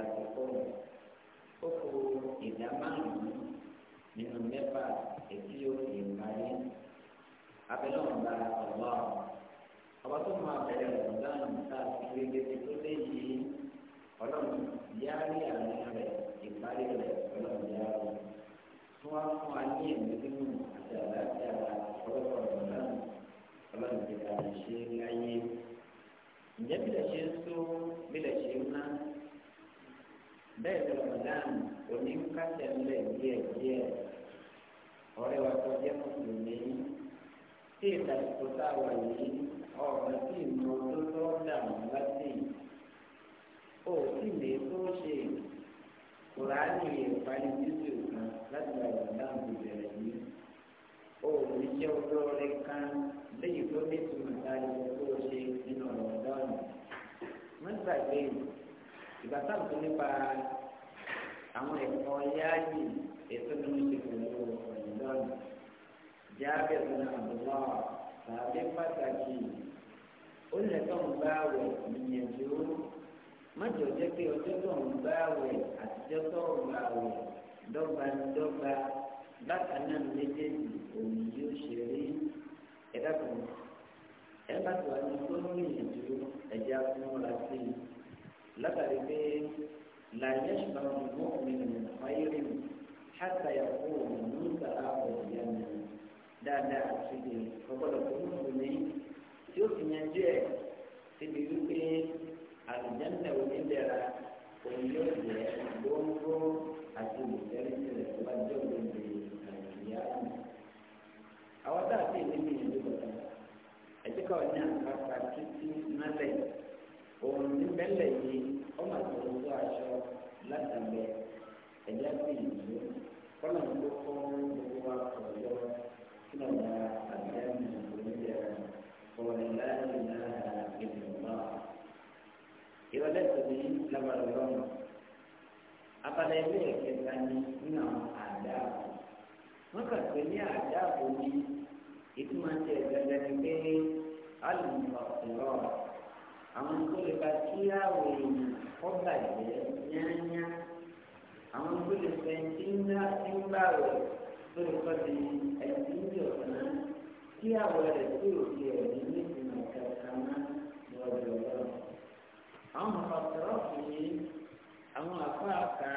lásìkò rẹ̀ ó kó ìdá márùn-ún nínú mẹ́fà èyí yóò fi parí abẹ́lẹ́ ọ̀gá ọ̀gbọ́ ọba tó máa bẹ̀rẹ̀ ọ̀gbọ́n tá a fi lè lè tó lé yìí ọlọ́run yáárí àárín rẹ̀ ìparí rẹ̀ ọlọ́run yáárí fún wa fún wa ní ẹ̀mí nínú àti àlàáfíà ọlọ́run ọ̀gbọ́n ọlọ́run ti ṣe láyé ǹjẹ́ bí ṣe ń tó bí ṣe ń ná bẹ́ẹ̀ ni ramadan òní ń kásẹ̀ ńlẹ̀ díẹ̀díẹ̀ ọ̀rẹ́ wa tó jẹ́ mùsùlùmí tí ìdàgbàsókò tá a wà yìí ọ̀rọ̀ sí ìmọ̀ tó tọ́ dàmú láti ó sì lè tó ṣe kùránì ìparí jésù kan láti wà ramadan ti bẹ̀rẹ̀ yìí ó ní iṣẹ́ olóore kan léyìí tó ní tùmọ̀ tá a lè tó ṣe nínú ramadan. wọ́n ìgbà táwọn tó nípa àwọn ẹ̀kọ́ yáàyè ètò tó ń ṣe pẹ̀lú ọ̀yìnlọ́nù jáàbẹ̀ tó náà bọ̀ wá tàbí pàtàkì ó lè tó ń bá wẹ̀ níyànjú mọ́jọ jẹ́ pé ọjọ́ tó ń bá wẹ̀ àtijọ́ tó ń bá wẹ̀ dọ́gbandọ́gba bákan náà méjèèjì òun yóò ṣe rí ẹ̀dá kan ẹ̀ bá tó wà ní ẹ̀já fún ọ̀la sí i látàrí pé làyẹ̀ ṣùgbọ́n mọ́ mi ní ọ̀yẹ́rì hàtà yàgò ní sàrà ọ̀yẹ́ mi dáadáa àti ìdè ọ̀pọ̀lọpọ̀ mùsùlùmí tí ó fi yẹn jẹ́ síbi wípé àlùjẹ́ńtà onídẹ̀ra òun yóò jẹ́ gbóngbó àti ìgbẹ́rẹ́sì rẹ̀ tó bá jẹ́ òdodo àìyá mi. àwọn táà sí ìdí mi ìlú bàtà ẹ̀jẹ̀ kọ́ ọ̀nà àpapọ̀ títí mọ́lẹ̀ òun ní mẹ́lẹ̀ yìí ọmọ àti ọ̀dọ́ aṣọ láti lẹ ẹ̀yà sí ìlú kọ́nà ń lọ fún gbogbo wa ọ̀dọ́ kí náà wà àgbẹ̀ mi oníyẹ ọ̀rẹ́ láàyè náà ènìyàn náà. ìrọ̀lẹ́ tòbí lábàrá lọ́nà abala ẹgbẹ́ ẹ̀kẹta ni nínú àwọn àdáàbò wọ́n kà pé ní àdáàbò ni ìtumọ̀ ti ẹ̀gbẹ́gbẹ́ ni pé alùpùpù ọ̀rọ̀ àwọn ìgbélé bá tí àwọn èèyàn ọgbà jẹ yányá àwọn ìgbélé fẹ tí ń bá tí ń bá rẹ lórí kọ́bi ẹ̀sìn ìdí ọ̀sán tí àwọn rẹ̀ tí ò fi ẹ̀mí ní ìmọ̀ kankan náà lọ́dọ̀ lọ́wọ́. àwọn ọ̀sọ̀rọ̀ fún mi àwọn àfáàkà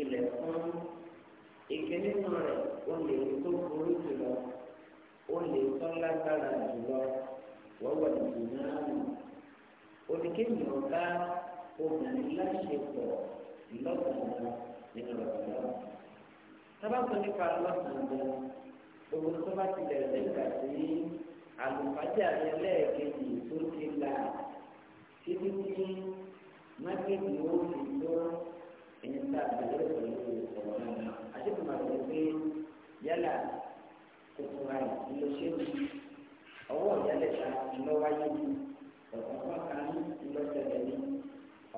ilẹ̀ fún ìkíní nù rẹ̀ ó lè tó burú jùlọ ó lè tó lágbára jùlọ wọ́wọ́ ìdùnnú àná oníkéyìn ọba obìnrin láṣepọ̀ lọ́sàn-án nínú ọ̀sán náà. tábàtò nípa lọ́sàn-án owó tó bá ti bẹ̀rẹ̀ nígbà tí àlùfájà ní ẹlẹ́ẹ̀kejì tó ti là títí tí mákèjì ó fi tó ẹni tá a bẹ̀rẹ̀ pẹ̀lú ọ̀rọ̀ náà. àṣepọ̀ máa bẹ̀rẹ̀ pé yálà kòkòrò àìsí ló ṣe é ọwọ́ ìyálẹ̀ta lọ́wọ́ ayé yìí ọ̀pọ̀ kan ńlọ́sẹ̀lẹ̀ ní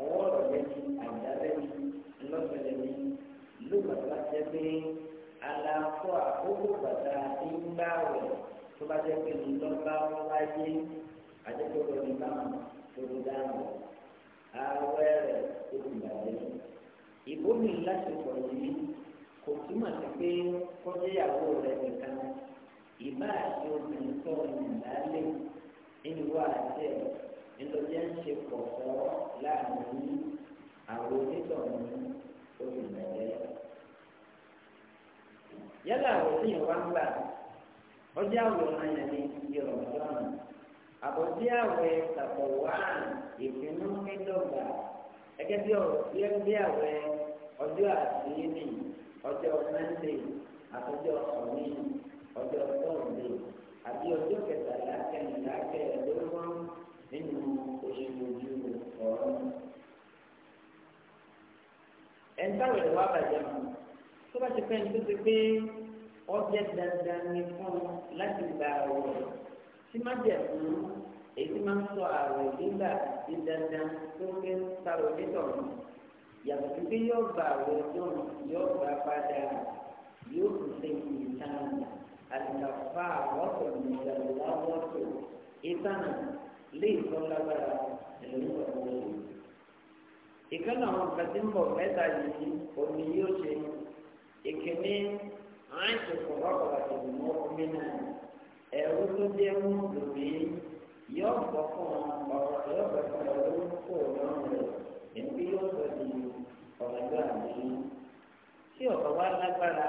ọwọ́ ọ̀rọ̀ lẹ́ni àjálẹ́ni ńlọ́sẹ̀lẹ̀ ní ìlú bàtà jẹ́ pé àlàfo àkókò bàtà ti ń bá rẹ̀ tó bá jẹ́ pé ńlọ́ba wáyé àjẹpọ̀lọ́ ní báwọn tó ń dáhùn ààwẹ̀ rẹ̀ tó ti bàjẹ́ ìbómi lásìkò yìí kò túmọ̀ sí pé kọ́jẹ́yàwó rẹ̀ nìkan ìbá àti obìnrin tó ń dálé nínú wa àti ẹ̀ nítorí ẹ̀ ń ṣe pọ̀ fọ́ láàrin àwọn onítọ̀hún olùmọ̀lẹ́. yálà àwọn tí yóò wá ń gbà ọjọ́ àwòrán yẹn ní yorùbá àbọ̀dé àwẹ̀ tàbọ̀ wá ìpinnu mídọ́gba gẹ́gẹ́ bí ọ̀rọ̀ sí ẹgbẹ́ àwẹ̀ ọjọ́ àtìlẹ́yìn ọjọ́ mẹ́ndé àtọ́jọ́ ọ̀nì ọjọ́ tọ́ndé àbí ọjọ́ kẹtàlá kẹrìnlá kẹrìnlá. ẹni táwọn ẹ̀rọ wá bàjẹ́ mọ́ tó bá ti fẹ́ ní tó ti pé ọjẹ́ dandan ni fún un láti gba àwọ̀ tí má jẹ̀ fún èyí máa ń sọ àwọ̀ nígbà tí dandan tó fẹ́ ń sáré onítọ̀ nù yàtọ̀ sí pé yóò gba àwọ̀ ẹjọ́ yóò gba padà yóò kù sí ìtàn àtìgbàfà àwọ̀tò ìgbàlódé àwọ̀tò ìtàn lè tọ́ lágbára ẹ̀lẹ́yìn ọ̀gbọ́n yìí ìkan náà wọn kàtí ń bọ̀ mẹ́ta yìí omi yóò ṣe ìkíní àìsàn kò wá pàtàkì mọ́ omi náà ẹ̀rú tó dé mú lòmí yóò bọ̀ fún ọ̀rọ̀ yóò bọ̀ fún ọ̀rọ̀ ló ń kó lọ́rùn rẹ̀ ẹ̀mí yóò bọ̀ di ọ̀rọ̀ ìgbà mi. tí ọ̀rọ̀ wa lágbára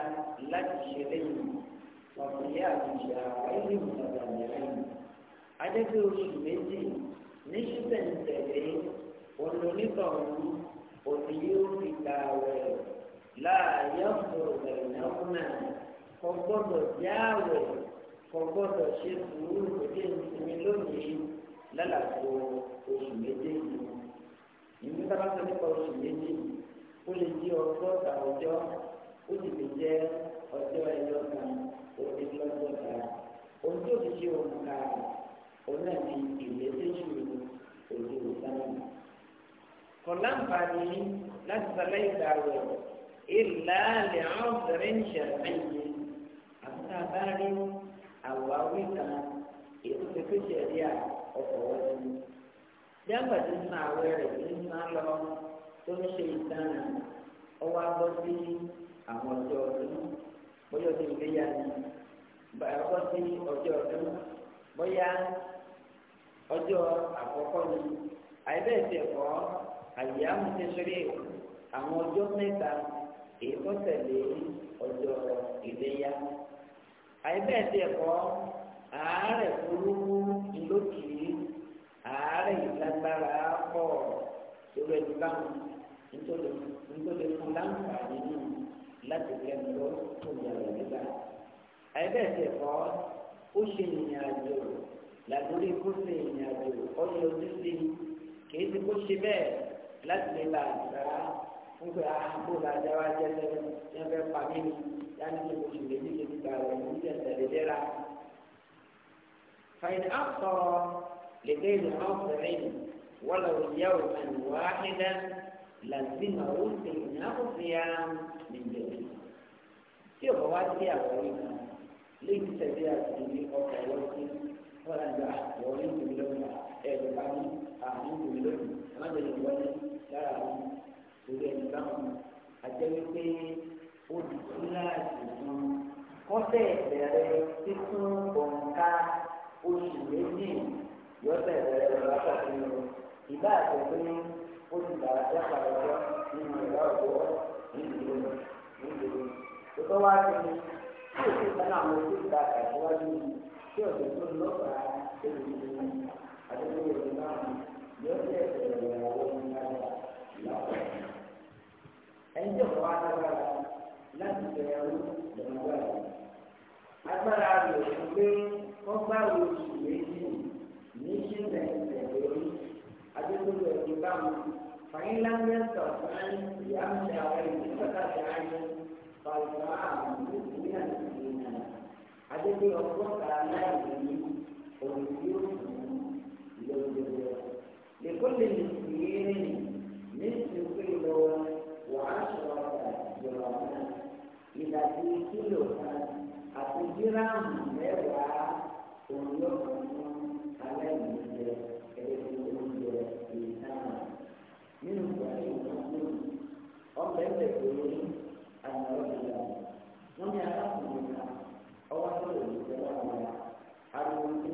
láti ṣe lẹ́yìn wọ̀nyí yá àtúnṣe àwọn ilé ìwòsàn àgbà yẹn lẹ́yìn. adébíyí oṣù méjì ní ṣíṣẹ̀ ń tẹ̀lé onítọ̀hún òní yóò fi gbà wẹ̀ láàyè ọ̀pọ̀lọpọ̀ ìnáwó náà kò gbọ́dọ̀ já wẹ̀ kò gbọ́dọ̀ ṣe sùúrù òde ìsinmi lónìí lálàfo oṣù méjèèjì ìlú tábà sọ nípa oṣù méjì ó lè di ọgọ́ta ọjọ́ ó sì lè jẹ́ ọjọ́ ẹyọ kan òde lọ́gọ́ta ohun tó fi ṣe òun ká òun náà ní ìlẹ́sẹ̀ṣù òde òsánà kò láǹfààní láti sàlẹ̀ ìdàrọ̀ ìlà lè hàn sẹ̀rẹ̀ ń ṣẹ̀rẹ̀ yìí àbúrò bá rí àwáwí kan èyí tó fi ṣẹ̀rí à ọkọ̀ wọlé ní. jágbà tó ń àwẹ̀ rẹ̀ ní máa lọ tó ń ṣe ìdáná ọwọ́ abọ́ sí àwọn ọjọ́ ọdún bóyá ọdún ìgbéyà ni bàbá sí ọjọ́ ọdún bóyá ọjọ́ àkọ́kọ́ ni àìbẹ́ẹ̀ tẹ̀ kọ́ àyè amúnisírí àwọn ọjọ́ mẹ́ta èyí tó tẹ̀lé ọjọ́ ìléyà àìbẹ́ẹ̀dì ẹ̀kọ́ àárẹ̀ burúkú ìlókì àárẹ̀ ìlágbára pọ̀ lórí ẹni báwọn nítorí fún láǹfààní nù láti kẹ́mi lọ tó yà rẹ̀ nígbà àìbẹ́ẹ̀dì ẹ̀kọ́ ó ṣe ìrìn àjò làdúrí kó ṣe ìrìn àjò ọ̀yọ́ títí kì í ti kó ṣe bẹ́ẹ̀. لازم يبان فرا فوق أحبولا جوا جل جنب قامين يعني في كل شيء في كل كلام يجي عند الدلالة فإن أخطر لدين أخطر ولو يوما واحدا لازم أوصي نفسيا من دينه في غواتي يا غريبة ليس سيدي أخطر لي أخطر لي ولا أنت أخطر لي من دونها أخطر لي أخطر لي ẹ̀mọ́jọ lè wọlé lára àwọn torí ẹni báwọn àjẹ́ wípé ó di kíláàsì fún kọ́sẹ̀ bẹ̀rẹ̀ títún òǹkà oṣù méjì yọ̀ọ́sẹ̀ bẹ̀rẹ̀ lọ́wọ́ àtàkùn ìbá àtẹ̀wé ó ti bàrà jẹ́ pàrọ̀wọ́ nínú ìlà ọ̀dọ́ nílùú nílùú tuntun wá sí i tí o ti sọ́nà àwọn ojú ìta àtàkùn wájú tí o ti tún lọ́pàá èlùbí àti ìlú ìlú náà ẹjọ́ wa lágbára láti bẹ̀rẹ̀ ọdún lọ́gbàrá agbára rẹ̀ fún pé wọ́n gbá oṣù méjì ní ṣílẹ̀ ìtẹ̀wé orí adékòlò ẹ̀jẹ̀ bámu fàyínláńdẹ́sì ọ̀sán ìyáàmì àwọn ìlú pàtàkì ayé pàlùpà àwọn ìlú ìlú àti ìlú náà adékòlò ọgọ́ta láì lè ní òun yóò fún لكل مسكين نصف كيلو وعشرة جرامات إذا في كيلو أو جرام ميوعة ويوم عليه nínú ìgbàlẹ̀ ìgbàlẹ̀ ọ̀pẹ̀ ẹ̀fẹ̀ pẹ̀lú àwọn ọ̀dọ́dọ́ wọn ní arákùnrin náà ọwọ́ tó lè lè tẹ́lẹ̀ àwọn ará ariwo tí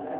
ń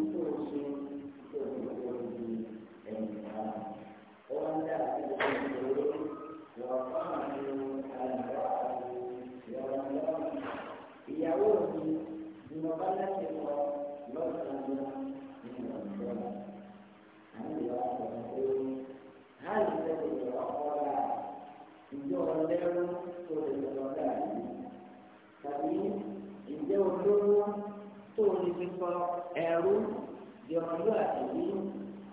sọ ẹ̀rú ìrọ̀lú àtìlú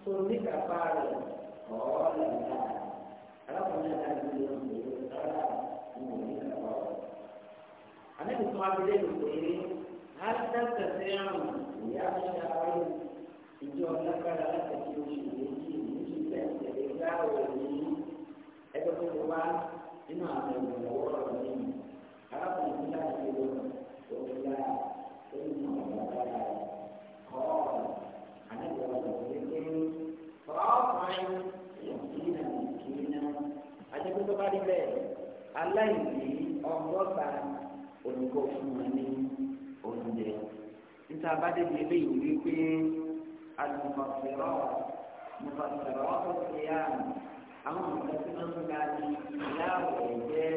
tó ní kápá rẹ̀ ọ̀ọ́ lẹ́yìn alákùnrin náà ti lè mú ìlú sára mú ní kápá rẹ̀. Àlejò tó wá bílẹ̀ ló pé Alẹ́sẹ̀ sí àrùn ìyá ṣe àárẹ̀ ìjọ lágbára láti fi oṣù méjì méjì bẹ̀rẹ̀ tẹ̀lé láwọ̀ yìí ẹgbẹ́ tó wá nínú àwọn ìrànlọ́wọ́ rẹ̀ ní alákùnrin náà ti aláìní ọgọ́ta olùkọ́ fún wọn ní oúnjẹ. níta bá débi eléyìí wípé alùpàfẹ́rọ́ mùpàfẹ́rọ́ ọ̀sẹ̀ yá àwọn nǹkan tí wọ́n ń ga ní ìyáwó ẹ̀jẹ̀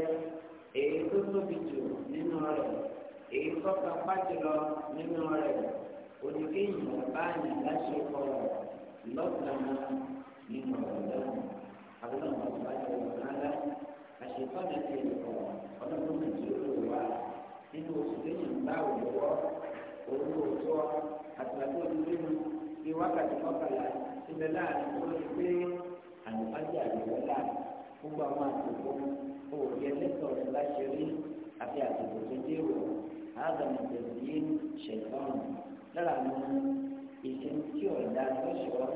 èyí tó tóbi jù nínú rẹ̀ èyí tó jùlọ nínú rẹ̀ oníkéyìn nínú ọ̀dọ́ àbúrò àwọn náà. àṣetọ́ ní ti ẹ̀kọ́ ọlọ́run méjì olówó wa nínú oṣù lẹ́yìn bá òwúrọ̀ olóòótọ́ àtìlágbó olúwẹ́nu bíi wákàtí mọ́kànlá síbẹ̀ láàrin owó ti pé àlùfáàjì àlùwọ́lá gbogbo àwọn àtòkò òòyẹ lẹ́tọ̀ọ́ rẹ̀ láṣẹ rí àti àtòkò tó dé wọ̀ ádámù tẹ̀sí ṣẹ̀tọ́n lára àwọn ìṣẹ́ntì ọ̀dà lọ́ṣọ̀ọ́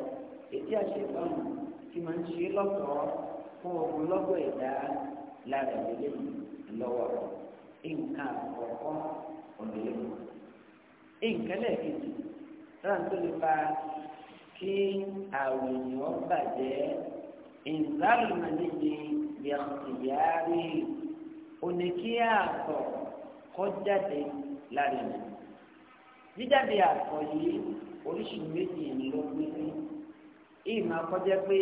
ètí àṣetọ́n tí máa ń ṣe lọ́kọ̀ọ́ fún ogunlọ́gọ̀ ìdá lára ìdílé lọ́wọ́ nǹkan àkọ́kọ́ òdìlé wọn. nǹkan lẹ́ẹ̀kejì náà tó lè fa kí àwọn ènìyàn bàjẹ́ ìzálùmọ̀lẹ́yẹ yàtìyàrí oníkíyà àtọ̀ kọjáde lára ìdílé. jíjáde àtọ̀ yìí oríṣi méjì ló gbé sí. ìmọ̀ akọ́jẹ́ pé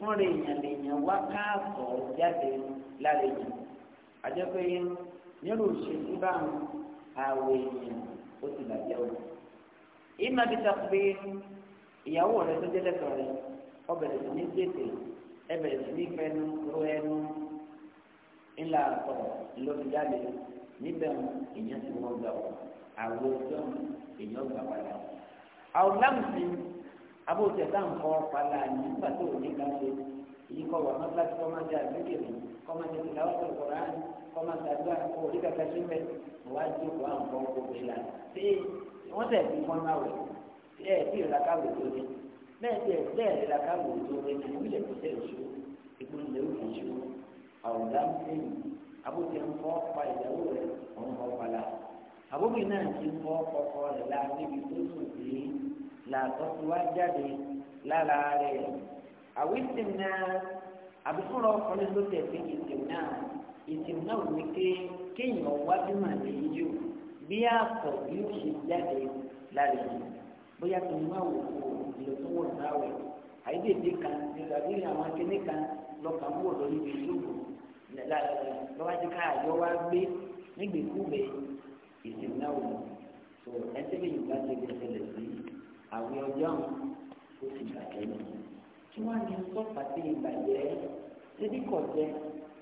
fúnra èèyàn lèèyàn wá káàkọ́ jáde lára èèyàn àjẹpẹ́ nírú ìṣesí báwọn àwọ̀ èèyàn ó ti bàjẹ́ o. ìmọ̀ bí sọ pé ìyàwó rẹ tó jẹ́ lẹ́tọ̀ọ́ rẹ ọbẹ̀rẹ̀ sí ní gbèsè ẹbẹ̀rẹ̀ sí ní fẹnu ro ẹnu ńlá àtọ̀ lórí jáde níbẹ̀ èèyàn ti wọ́n gbà wọ́n àwọ̀ ọjọ́ èèyàn gbà padà. àwọn láǹfì abóòtẹ tá n kọ pala nígbà tó o ní kan ṣe èyí kọ wà mọ́tò láti kọ́má ṣe àgbékè mi kọ́má ṣe ti láwọ́ sọ̀rọ̀ kọ́ra ní kọ́má ṣe àdúrà kó orí kàkà ṣe mẹ́ wàá ju kó à ń kọ́ gbogbo ìlà ṣé wọ́n tẹ̀ fi fọ́n náà wẹ̀ ẹ̀ tí ìlà káwé tó ní bẹ́ẹ̀ tẹ̀ bẹ́ẹ̀ ìlà káwé tó ní ní ìwúlẹ̀ tó tẹ̀ ṣu ìpínlẹ̀ òkè làtọ́ ti wá jáde lára rẹ̀ àwísìm náà àbífúnra ọkùnrin ló tẹ̀sí ìsìm náà ìsìm náà ò ní pé kéèyàn wájú mà lèyí jù bí àpọ̀ yóò ṣe jáde lára rẹ̀ bóyá tó ń wá wò ó ìlò tó wò náà wẹ̀ àyídèdè kan nígbà bí àwọn akéde kan lọ́kàn wò lórí ibi yóò lọ́wọ́ ti ká wá gbé nígbèkúgbè ìsìm náà wò ó ẹsẹ̀ bí yorùbá ti gbèsè lè sí àwẹ̀ ọjọ́ ó ti bàjẹ́ nù tí wọ́n á ní sọ́ọ̀pà sí ìbàjẹ́ ṣébí kò jẹ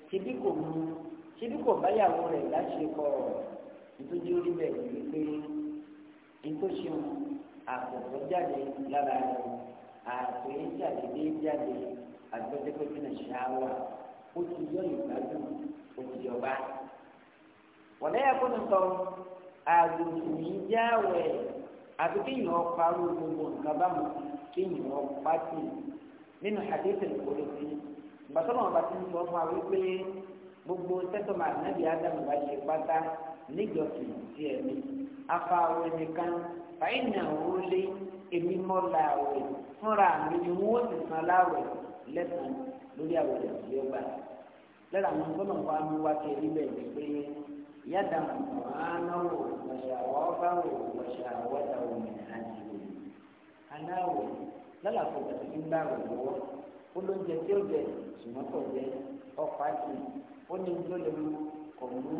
ṣébí kò mu ṣébí kò báyàwó rẹ̀ láṣepọ̀ nítorí orí bẹ́ẹ̀ ni pé nítòsí àkókò jáde lára rẹ̀ àpè jáde jáde àgbẹ̀dẹ́gbẹ̀dẹ́ náà ṣáwà ó ti yọ ìgbádùn ó ti yọba. wọ́n lẹ́yìn akóni sọ àgùntàn yìí jáwèé àti kéèyàn parọ́ gbogbo nǹkan bámu kéèyàn pàtì nínú hadith al-Qudsi ìgbàsọ́nà ọba ti ń sọ fún wa wípé gbogbo sẹ́tọ̀mù ànábì ádámù bá ṣe pátá níjọsìn sí ẹ̀mí afáwọ̀ nìkan fàyínà òrùlé èmi mọ́lá àwẹ̀ fúnra mi ni wọ́n ti san láwẹ̀ lẹ́sàn-án lórí àwẹ̀ ìdàgbé ọgbà lẹ́la àwọn sọ́nà wa mú wa níbẹ̀ wípé yàtà mọ̀ án وشرافه وشهوته من أجله aláwọ̀ lálàfo bàtí ń bá rẹ̀ lọ́wọ́ ó ló ń jẹ tí ó jẹ ṣùgbọ́n kò jẹ ọkọ̀ àti ó ní tó lè mú kò mú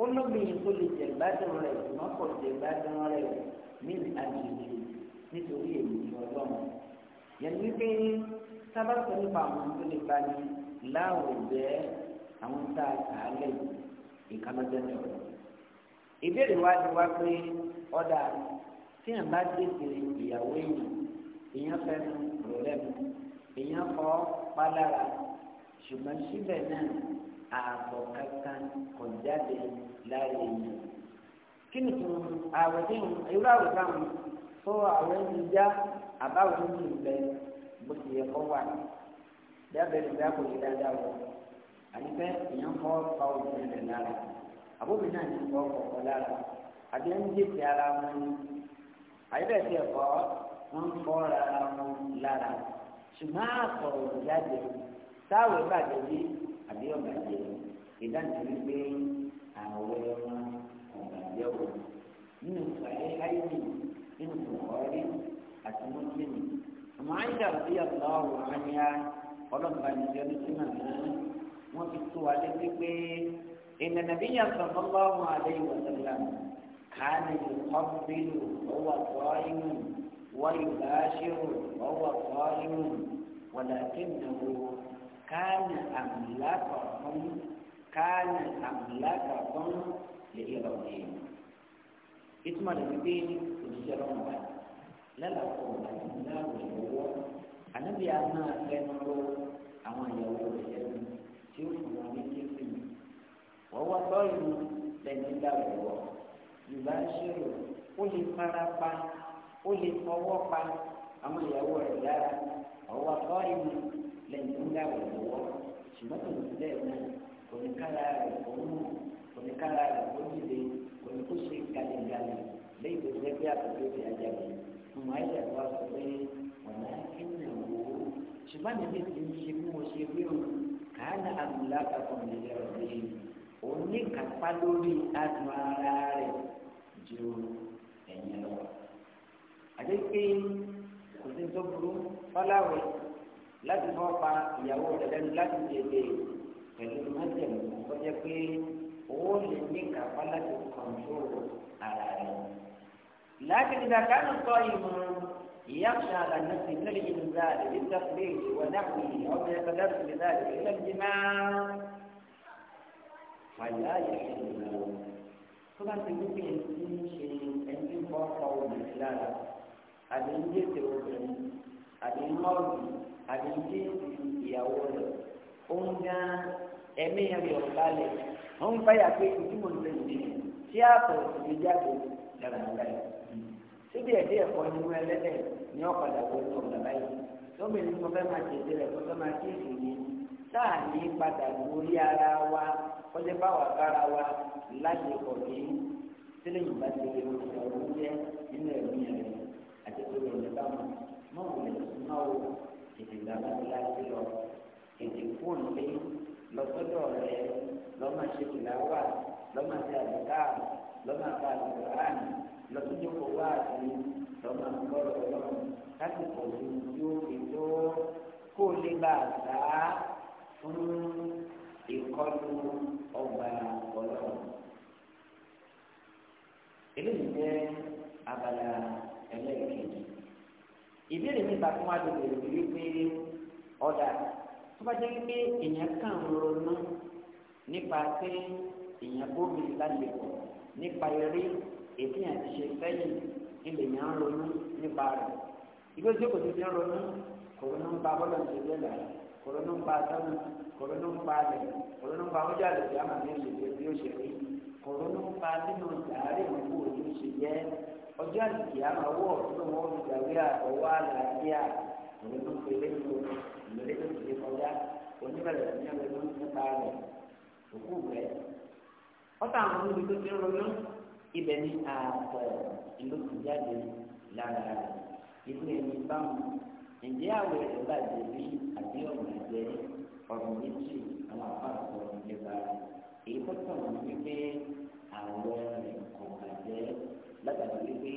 ó lóbìnrin tó lè jẹ gbádùn rẹ̀ ṣùgbọ́n kò jẹ gbádùn rẹ̀ ní àjèjì nítorí èmi ọlọ́run yẹn pé sábàtọ̀ nípa àwọn tó lè bá ní láwọ̀ àwọn tá a kà á lẹ̀ ìkàlọ́jẹ́ náà ìbéèrè wa ti wá pé ọ̀dà tí èèyàn bá tètè ìyàwó èèyàn èèyàn fẹnu rò lẹ́nu èèyàn fọ pálára ṣùgbọ́n síbẹ̀ náà ààbọ̀ kankan kò jáde lára èèyàn. kí ni tó ààwẹ̀ tí irú ààwẹ̀ táwọn tó ààwẹ̀ ń já àbáwọ̀ ń yìn bẹ bó ti yẹ kó wà dábẹ́rẹ́ dákòó yìí dáadáa wọ̀ àti èèyàn fọ́ pa òfin rẹ̀ lára àbóbi náà ti fọ ọkọ̀ lára àbí ń jèsè ara wọn ni àyẹ̀bẹ̀sẹ̀ ẹ̀kọ́ wọn fọ́ ara wọn lára ṣùgbọ́n àkọ̀rọ̀ jáde táwọn ìbàdàn yìí àbí ọ̀bàjẹ́ ìdánilẹ́yìn pé àwọ̀ ẹ̀wọ̀n ọ̀bàjẹ́ wò nínú ìpàdé áìdì nínú ìkọ̀ọ́rí àti mọ́tìmì àmọ́ àìdà sí ọ̀dọ́ ọ̀rọ̀ àmì ọlọ́mọba nìjọ́ ní símà náà wọ́n fi tó wa létí إن النبي صلى الله عليه وسلم كان يقبل وهو صائم ويباشر وهو صائم ولكنه كان أملاكهم كان أملاكهم لإبراهيم اسم النبي الجرم لا لا قوة لا بالله النبي أما كانوا أما يوم ìbáṣẹ̀rò ó lè fara pa ó lè fọwọ́ pa àwọn ìyàwó rẹ̀ lára ọwọ́ akọ́ ìlú lẹ́yìn tó ń dà wọ̀ lọ́wọ́ ṣùgbọ́n tó ń bẹ́ẹ̀ náà oníkàrà rẹ̀ kò mú oníkàrà rẹ̀ kò dìde oníkóṣe galegale lẹ́yìn tó ṣe pé àtúntò ti ajá rẹ̀ fún wa ẹ̀yà wa sọ pé ọ̀nà ẹ̀yìn wò ó ṣùgbọ́n níbi tí ń ṣe bí mo ṣe rí o kàánà àmúlá kàkọ́ mi lẹ́rọ̀ oníkàpá lórí adùn ara rẹ̀ ju ẹ̀yìn lọ. àti pé kò sí tó burú fọláwẹ̀ láti fọ́ pa ìyàwó rẹ̀ lẹ́nu láti tètè pẹ̀lú mọ́tẹ̀mù kọjá pé owó lè ní kápá láti kọ̀ǹtró ara rẹ̀. لكن إذا كان الصائم يخشى على النفس من الإنزال بالتفريج ونحوه أو يتدرس بذلك إلى الجماع فلا يحل له tó bá ti wípé ẹni ń ṣe ẹni ń bọ́ ọkọ obìnrin lára àbí ń dètè obìnrin àbí ń mọ́ọ̀lù àbí ń dètè ìyàwó rẹ̀ òun gan ẹ̀mí rẹ̀ ọ̀gá lẹ̀ òun báyà pé ìdúmọ̀ ń lè dé tí àpò òbí jáde lára nígbà yìí síbi ẹ̀dí ẹ̀kọ́ ni wọ́n ẹlẹ́dẹ̀ ní ọ̀padà wọ́n ọ̀gá báyìí lómìnir táà ní padà lórí ara wa kọjá báwa kára wa láti kọ̀ bí sílẹ̀ yìí bá ti lè wọ́n ṣe ọdún jẹ́ nínú ẹ̀mí rẹ̀ àti tó lè lọ́wọ́ mọ́ wò lè súnmọ́ o tètè gba láti lọ tètè fóònù lé lọ́sọ́dọ̀ rẹ̀ lọ́mọ ṣe ìlàwà lọ́mọ ṣe àbùká lọ́mọ àbá àbùkárán lọ́sọ́dọ̀kọ̀ wá àti lọ́mọ àbúkọ́rọ̀ lọ́mọ láti pọ̀ sí ojú òkè tó kó lè bá a sáá fún ìkọlù ọgbà ọlọ́run. eléyìí jẹ́ abala ẹlẹ́ẹ̀kejì. ìbéèrè nípa fún wa lè bèrè wípé ọ̀dà tó bá jẹ́ pé èèyàn kàn ń ronú nípa pé èèyàn bóbi lálẹ́ pọ̀ nípa eré ètí yẹn ti ṣe sẹ́yìn ilẹ̀ yẹn ń ronú nípa rẹ̀. ìgbésẹ̀ kò ti ń ronú kò ronú nípa bọ́lá ti ṣe kòrò ló ń pa sánà kòrò ló ń pa alẹ kòrò ló ń pa ọjà lè fi àmà ní ìṣèjẹ bí ó ṣe rí kòrò ló ń pa nínú ìdàrí òkú òní ṣe jẹ ọjọ́ àlùkì àmà wọ ọdún wọn fi dàrí àtọwọ àlàáfíà kòrò ló ń pe lẹ́nu ìlọlẹ tó ti kọjá oníbẹ̀rẹ̀ ní ọ̀rẹ́ ló ń nípa rẹ òkú rẹ ọ̀tá àwọn olùdókòwò tó ti ń ronú ibẹ̀ ní ààtọ̀ ìlú ìjáde lára ìlú ẹni báwọn ǹjẹ́ àwọ̀ ẹ̀ bàjẹ́ bí àbí ọ̀nà jẹ́ ọ̀rọ̀ méjì àwọn àpapọ̀ ìjọba èyí tó tàn wọ́n wípé àwọ̀ ẹ̀ kò bàjẹ́ látàrí wípé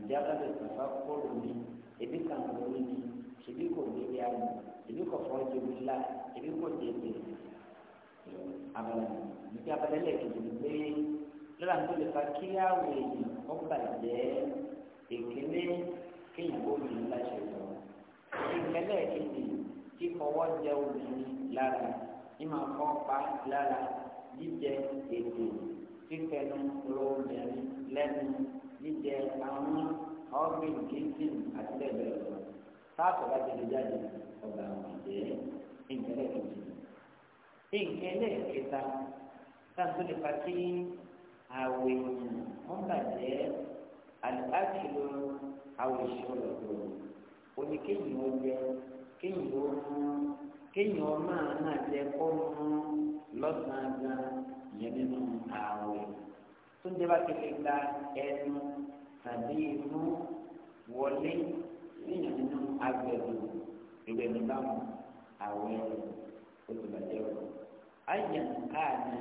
ǹjẹ́ alábẹ̀ sàfà kúrò ní ebi kan lórí ni ebi kò gbélé àná ebi kò fọ́ ìjọba ńlá ebi kò tètè abala níbi abala ẹlẹ́kẹ̀jẹ̀ ni pé lọ́la tó lè fa kí àwọ̀ èyí kò bàjẹ́ èkéle kéyìnbó mi láṣẹ lọ ìkẹlẹ̀ kejì kíkọwọ́ jẹ obìnrin lára ìmọ̀ kọ́ pa lára jíjẹ ètò fífẹnu ro obìnrin lẹ́nu jíjẹ àwọn ọ̀gbìn kìntìn àti bẹ́ẹ̀ bẹ́ẹ̀ lọ sáàtọ̀ bá ti lè jáde ọ̀gá àwọn ìjẹ́ ìkẹlẹ̀ kejì. ìkẹlẹ̀ kẹta sáàtọ̀ lè fa kí àwẹ̀ èèyàn wọ́n bàjẹ́ àlùbáṣe lọ àwẹ̀ ìṣòro lọ́wọ́ ni kéèyàn ó jẹ kéèyàn ó mú kéèyàn ó máa máa jẹ kó mú lọ́sàn-án gan ìyẹn nínú ààwẹ̀ tó ń jẹ́ bá kékeré gba ẹnu tàbí inú wọlé níyàn nínú agbẹ̀dù ìgbẹ̀dù báwọn àwẹ̀ olùbàjẹ́ wọn. ayé káàdì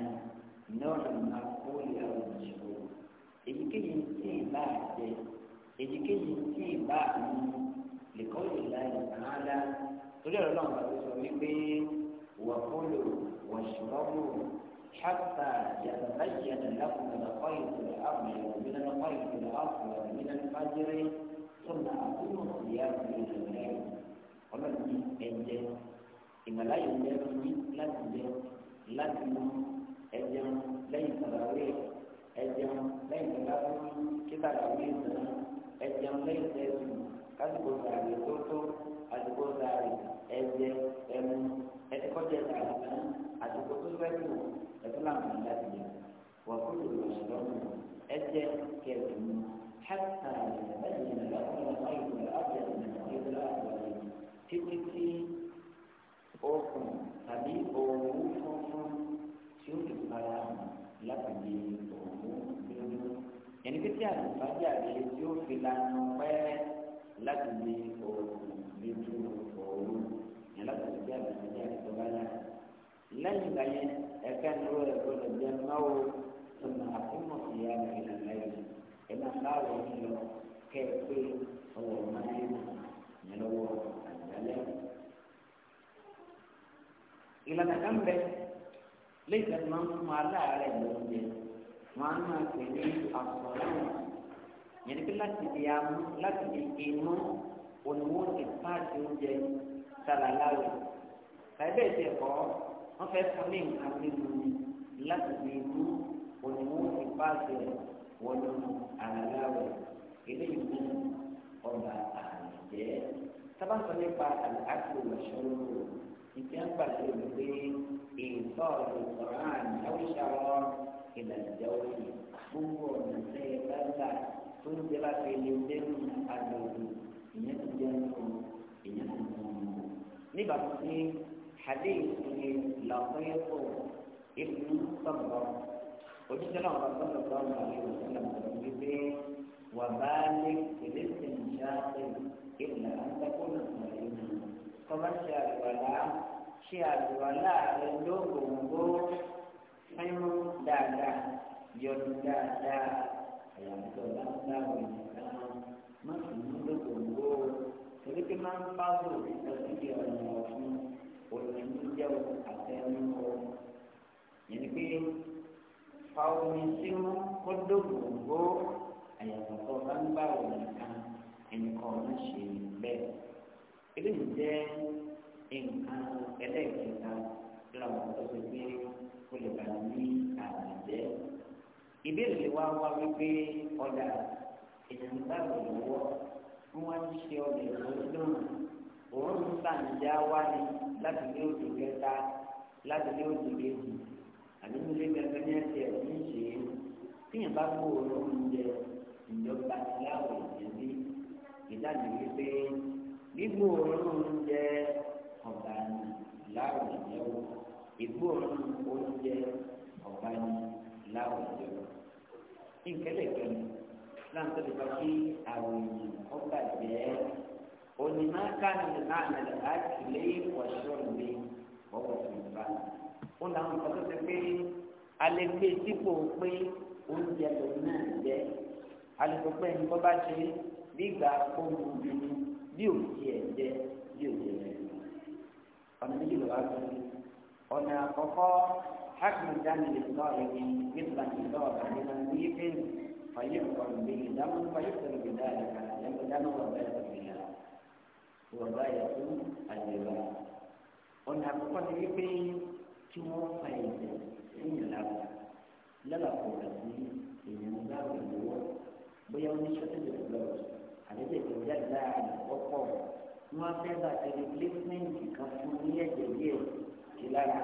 náà máa kó ìyàwó ìṣòro èyíkéyìí tí ì bá àjẹ èyíkéyìí tí ì bá àmú lèkọ́ ìlà ìtàlá torí ọ̀rọ̀ náà bàbá sọ wípé wà kúlò wà ṣùgbọ́n حتى يتبين لكم الخيط الأبيض من الخيط الأسود من الفجر ثم أقيموا الصيام في الليل ومن أجل ìmọ̀láyò ń dẹ́nu ní láti jẹ láti mú ẹjẹun lẹ́yìn sàlàwé ẹjẹun lẹ́yìn sàlàwé kíkàlàwé ìtàn ẹjẹun lẹ́yìn sẹ́yìn kásìkò sàrè tó tó àsìkò sàrè ẹ̀jẹ̀ ẹ̀mú ẹ̀kọ́jẹ̀ sàrè náà àsìkò tó fẹ́ tó ẹ̀tọ́ làǹfààní láti yẹ wọ́n kó lè lọ sọ̀rọ̀ mọ́ ẹ̀jẹ̀ kẹ̀kẹ́ mú hàtà ẹ̀yìn ìlàkùnrin ọ̀gbìn ìlàkùnrin ọ̀gbìn ìlàkùnrin títí tí okùn tàbí òwú funfun tí ó fi para láti di òwú lóyún ẹni pé tí àlùfáàjà tí ó fi lanu pẹ́ẹ́ láti ní òògùn lójú òòrùn yẹn láti lè jẹ́ àgbẹ̀jẹ́ àtọ́gbá náà. lẹ́yìn ìgbà yẹn ẹ̀ka ìnáwó ẹ̀kọ́ lè jẹ́ náwó tọ̀nà àfihàn ìyá ìlànà lẹ́yìn ẹ̀ máa bá àwọn yìí lọ kẹ́ ẹ pé ọ̀rọ̀ máa yé mi yẹn lọ́wọ́ àgbàlẹ́. ìlànà kan bẹ lẹ́yìn tí wọ́n máa láàárẹ̀ lóúnjẹ wọ́n á máa pè ní àkọ́lẹ́ yẹn ni pé láti lè amú láti lè inú oníwó ti páàkì oúnjẹ sára láwẹ̀ tàbí ẹ̀jẹ̀ kọ́ wọ́n fẹ́ fún ní nǹkan mímu ni láti lè mú oníwó ti páàkì wọnú ara láwẹ̀ eléyìí ní ọba àrùn jẹ́ sábàtọ̀ nípa àti òwòṣọ́ ìjẹ́ ń gbàgbé wípé ìtọ́ ìtọ́ra àdáwíṣà wọn ìlànà ìjọba gbogbo ọ̀nà tẹ́ ẹ bá gbà tó ń jẹ́ bá fi lè dẹ́nu àgbègbè ìyẹn tó jẹ́ nǹkan ìyẹn tó jẹ́ nǹkan. nígbà tó ní hadé ìsinmi làkúnyẹ́kọ̀ ìlú sọ̀rọ̀ ojúṣe náà wà sọ̀rọ̀ sọ̀rọ̀ náà lè wọ́n sílẹ̀ sọ̀rọ̀ wípé wà bá lé ilé ìsìn ìṣááṣẹ́ ìlà àtẹ́kùnà sọ̀rọ̀ yìí kọ́má ṣe àlùwàlá ṣe àlùwàlá rẹ lóògùn gbó fẹ́ràn dáadáa yọ̀dù dáadáa àyàmùtọ̀ bá ń dáwọ̀ ìjìká má sì mú lókòǹgó torí pé máa ń fáwọ̀ ìtọ́síbi ọ̀nà ọ̀fun òṣìṣẹ́ àtẹnumọ́ yẹn ni pé fáwọ̀ ní sínú kó dókòǹgó àyàmùtọ̀ bá ń báwọ̀ ìjìká ẹnìkan ọ̀nà ṣe bẹ́ẹ̀ eléyìí jẹ́ nǹkan ẹlẹ́ẹ̀kẹta lọ́wọ́ tó ṣe pé ó lè bá ní àbàjẹ́ ìbéèrè wa wá wípé ọ̀dà èèyàn bá wò lọ́wọ́ fún wọn ń ṣe ọ̀dà ìfowópamọ́ òun ń sàǹjá wá ní láti ní oṣù kẹta láti ní oṣù kejì àbí nílé gbẹgbẹ ní ẹsẹ̀ ẹ̀sìn ń ṣe é tíyẹn bá gbòòrò ìjọba aláwọ̀ ìdílé ìdájọ́ wípé gbígbòòrò oúnjẹ ọ̀gá ni láwọ̀ ìjẹ́wọ̀ ìgbòòrò oúnjẹ. láwùjọ ìkẹlẹ̀ kan islam tó ti sọ pé àwòyìn ó bàjẹ́ onímọ̀ kánìlì náà nàlẹ́ láti lé ìwọ̀ṣọ́ mi bọ́wọ́ fún ìfà ó làwọn nǹkan tó ti pé alẹ́ pé oúnjẹ ní bá ṣe bí ìgbà bí ẹ̀ bí ẹ̀ ọ̀nà méjì ọ̀nà àkọ́kọ́. حكم الدم للضارب مثل الإصابة بمنزيف فيحكم به دم فيفطر بذلك لأن دم وباية الرياء وباية الربا ọ̀nà àkọ́kọ́ ni wípé kí wọ́n fa ẹ̀jẹ̀ sẹ́yìn lára lálàpọ̀ àti èèyàn bá wà lọ́wọ́ bóyá wọ́n ní ṣọ́tẹ̀lẹ̀ blood àdéhùn ìgbẹ́jà láàrin ọ̀pọ̀ wọ́n á fẹ́ bàtẹ́lẹ̀ placement kan fún ní ẹ̀jẹ̀ díẹ̀ sí lára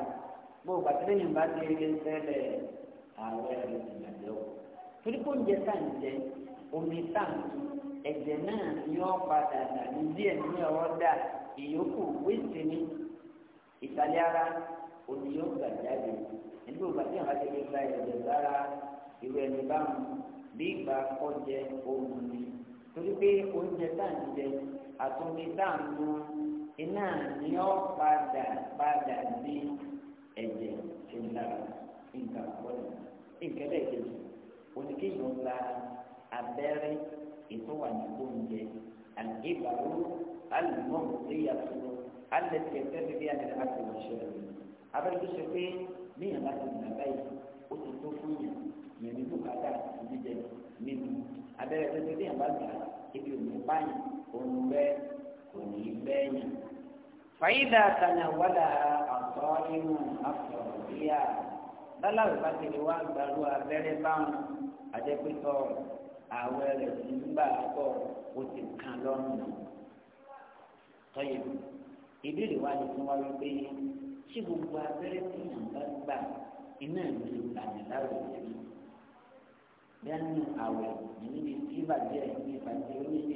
bó gbàtẹ́lẹ̀ yìí bá ti rí sẹ́lẹ̀ ààrẹ rẹ̀ ìgbàdé o. torí kó ń jẹ sáǹjẹ omi sáǹtì ẹ̀jẹ̀ náà yọ padà dàbí díẹ̀ ní ọwọ́ dà ìyókù wíìsì ní ìsàlẹ̀ ara omi yóò gbà jáde nígbà gbàtẹ́ yìí bá ti rí gba ẹ̀jẹ̀ sára ìwé ẹni báwọn bí ìgbà kọjẹ ohun ni torí pé oúnjẹ sáǹjẹ àtúndí sáǹtì iná ni ó padà padà bíi ẹ̀jẹ̀ ṣe ń lára nǹkan àkọ́lẹ̀ nǹkan lẹ́ẹ̀kejì oníkéyìn ńlá abẹ́rẹ́ ètò wà ní oúnjẹ àgbébàrú alùmọ́ọ̀mù tó yàtọ̀ alẹ́sẹ̀ tẹ́lẹ̀ bí alẹ́ láti wọ́n ṣe rẹ̀ abẹ́rẹ́ tó ṣe pé níyàn láti nà báyìí ó ti tó fún yàn yẹn nínú kàdá jíjẹ nínú abẹ́rẹ́ tó ṣe bí àbá gbà ebi òní báyìí òun bẹ́ẹ̀ yàn. فإذا تناولها الصائم أفطر بها lọ́la ìgbà tí ni wọ́n gbàlú abẹ́rẹ́ báwọn àjẹpẹ́tọ́ àwẹ̀ rẹ̀ nígbà àbọ̀ ó ti kàn lọ́nà. tọ́yẹ̀ ìbéèrè wa ni fún wa wípé ṣé gbogbo abẹ́rẹ́ tí yàn bá gbà iná ìlú ìlànà láwùjọ yìí bí a nínú àwẹ̀ nínú ibi tí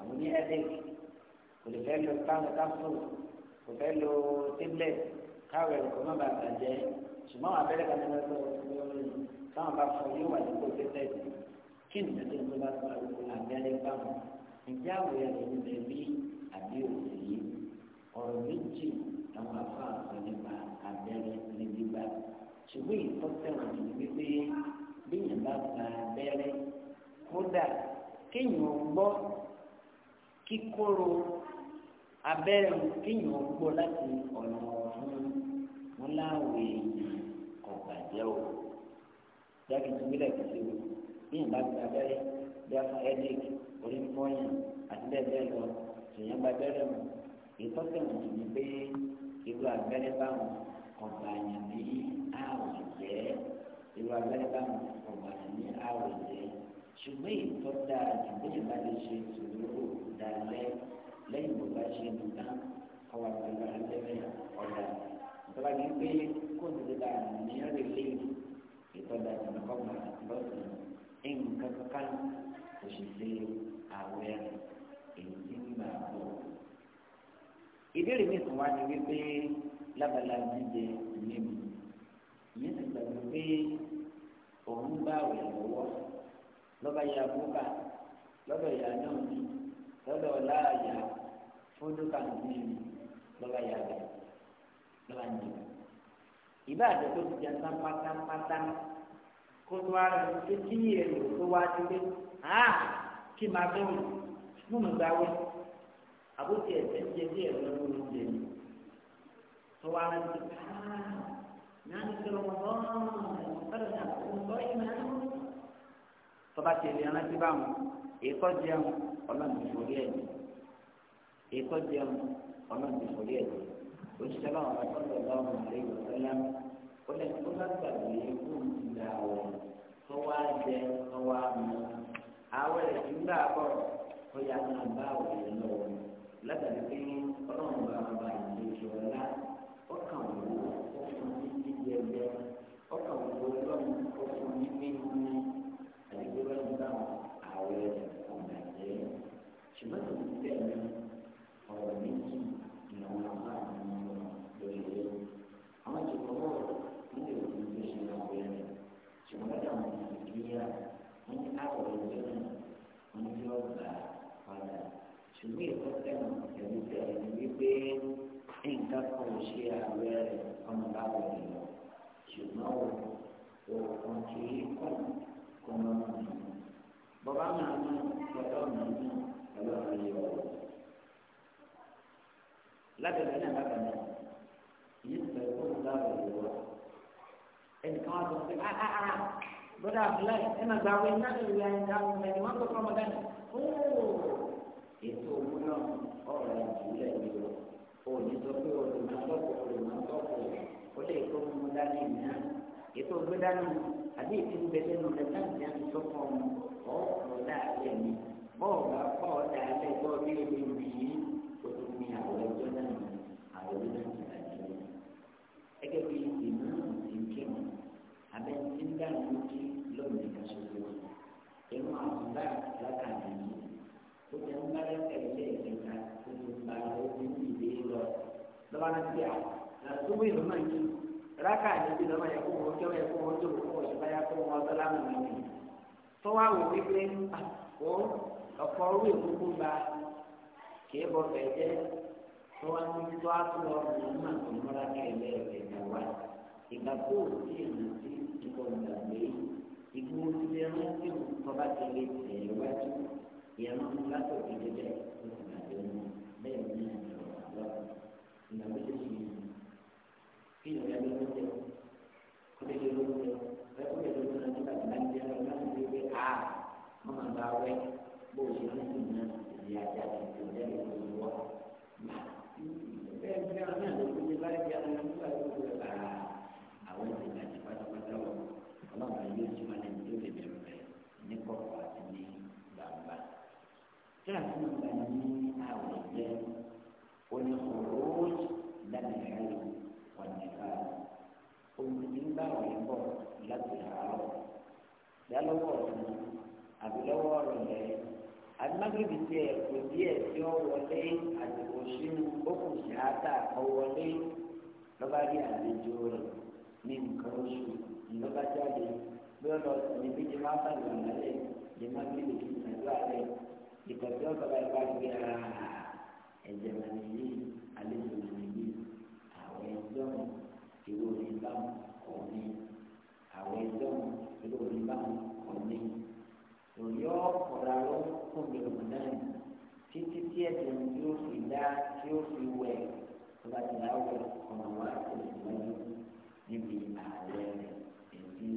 àwọn oníṣẹ́ ẹ̀dẹ́gbẹ̀ kò lè fẹ́ lo capsule kò fẹ́ lo tablet káwé kò má bàa bàjẹ́ ṣùgbọ́n àwọn abẹ́rẹ́ kan náà lọ káwọn bá fọ yóò wà nípò tablet kí ni ìdájọ́ tó bá fọ abẹ́rẹ́ bá wọn ìjẹ́ àwọ̀ yẹn ló ń bẹ bí àbí òsì yìí ọ̀rọ̀ méjì àwọn afọ àfọ nípa abẹ́rẹ́ ní gbígbà ṣùgbọ́n ìtọ́sẹ̀wọ̀n ní wípé bí yẹn bá gba abẹ́rẹ́ kódà kéèyàn gbọ́ kíkóró abẹ́rẹ́ kéèyàn gbọ́ láti ọ̀nà ọ̀fun wọn láwọ̀ èèyàn ọ̀gbàjẹ́ o jákè tó gbé lẹ́kọ̀ọ́ sí o bí yẹn bá gba abẹ́rẹ́ bí afọ ẹ́díkì orí ń fọyín àti bẹ́ẹ̀ bẹ́ẹ̀ lọ tèèyàn gba abẹ́rẹ́ mu ìtọ́sẹ̀wọ̀n tó ní pé irú abẹ́rẹ́ báwọn ọ̀gbàyàn ní àwọ̀ jẹ́ irú abẹ́rẹ́ báwọn ọ̀gbàyàn ní àwọ̀ jẹ́ ṣùgbọ́n ìtọ́ dáa jù lẹ́yìn tó bá ṣe lù tán àwọn àgbàlagbà lẹ́yìn ọ̀dà ìtọ́ba kì í pé kó o ti da àníyàn rẹ̀ lẹ́yìn ìtọ́jà ìdàkọ́gbà lọ́sùn nǹkan kan òṣìṣẹ́ àwẹ̀ èyí tí ń gbà bọ̀. ìbéèrè mi kàn wá ni wípé lábala jíjẹ mímu yìí ti gbàgbé pé òun bá àwẹ̀ lọ́wọ́ lọ́ba ya búkà lọ́dọ̀ ya náà ní. lò ìbá àjẹkó ti jẹ tán pátápátá kó tó ara ẹni tó kí yẹ lò tó wá sí pé á kí máa bẹ́ẹ̀ mú mi gbà na àbótí ẹ̀sẹ̀ ń jẹ díẹ̀ lọ́wọ́ oúnjẹ tó wá ti náà ní ọ̀rọ̀ náà ń bọ́ ìmọ̀ náà ti òṣìṣẹ́ náà wà sọ́dọ̀ lọ́wọ́ àlẹ́ ìwọ̀sọ́lá ó lè tó bá gbàgbé fún ìgbà àwẹ̀ tó wá jẹ tó wá mu àwẹ̀ rẹ̀ ti ń gbà bọ̀ ó yà máa bá àwẹ̀ rẹ̀ lọ látàrí pé ọlọ́run bá wọn bá ìlú ìṣọ̀lá ó kàn wò ó fún ní jíjẹ ó kàn wò ó lọ́run ó fún ní mímu ní àdìgbò lọ́run bá àwẹ̀ rẹ̀ kò ṣùgbọ́n tó ń tẹ̀lé ọ̀rọ̀ mi. ṣùgbọ́n àwọn nàìjíríà wọ́n ní àwọ̀ ìjọ náà wọ́n ní yóò gbà padà ṣùgbọ́n ìkọ́ tẹ̀wọ̀n pẹ̀lú tẹ̀lé ni wípé nǹkan kan ò ṣe àwẹ̀ rẹ̀ ọmọ báwo ni lọ ṣùgbọ́n òògùn kì í kùn kó máa mú un bọ́bá máa mú ọjọ́ máa mú ọjọ́ ayé ọ̀rọ̀ lábẹ́rẹ́ náà bàbá náà yìí pẹ̀lú báwo ni wọ́n ẹnìkan wà sọ pé ahahah bọ́dà abdullahi ẹnà gbàgbé iná ìlú ayé dáhùn ẹni wọ́n tó kọ́mọ dání ooo ètò òun náà ọ̀rọ̀ ìjìnlẹ̀ ni o òní sọ pé olùmọ̀tọ́kọ̀ olùmọ̀tọ́kọ̀ ó lè tó mú dání ìná ètò ògbé dání àbí ìdí ń bẹ lẹ́nu rẹ̀ láti dání tó fún ọmọ kọ orí òkúkú ba kìí bọ fẹ̀jẹ̀ tó wá ní tó á tó lọ rìn ní màtí múra kẹlẹ́ ẹ̀dá wa ìgbà tó o ti rìn sí ìkọ̀ ìgbàgbé ìgbó ilé rántí ọba tẹ̀lé tẹ̀ wájú ìyàmú látò ìdílé ìgbàgbé mu bẹ́ẹ̀ ní ìjọba lọ́wọ́ ìgbàgbé tó ti yìí kí ìgbàgbé tó tẹ̀ kó lè lè lóko tẹ̀ bẹ́ẹ̀ kó lè lóko tẹ̀ nígbà tó bá ń jẹ́ ọ̀gá tó ti gbé a mọ̀ bóòlù nínú náà ìyá ajá ìjọ lẹ́yìn ìlú wa. bẹ́ẹ̀ bí àwọn náà ló ń gbé báyìí àwọn nígbà tó ń gbà àwọn ti gbà jù pátápátá wọn ọlọ́run yóò ti máa lẹ́nu tó lè bẹ̀rù rẹ̀ ní kọ̀kọ̀ àti ní gbangba. tí a ti ní àwẹ̀ jẹ́ oníkòròwòj lẹ́nu ìhàlù wọn nìkan. olùdíje àbí lọ́wọ́ ọ̀rọ̀ lẹ́yìn alimagrebi tiẹ kò díẹ̀ tí ó wọlé àdìgbò sínú ókú ṣáàtà kọ wọlé lọba rí àlejò rẹ ní nǹkan oṣù lọba jáde bí ó lọ sí méjì máa bá ìlú àlẹ lè má gbé lè fi ìtàjú àlẹ ìtàjú ọgbàgbà ìgbà gbé ara ẹ̀jẹ̀ màmí yìí àlejò màmí yìí àwọn ẹjọ́ ìwé orin bá ọ̀hún kó bẹ̀rù náà títí tí ẹ̀jẹ̀ yóò fi dá tí yóò fi wẹ̀ tó bá ti láwọ̀ ọ̀nà wa kò sì wáyé níbi ààrẹ rẹ̀ èyí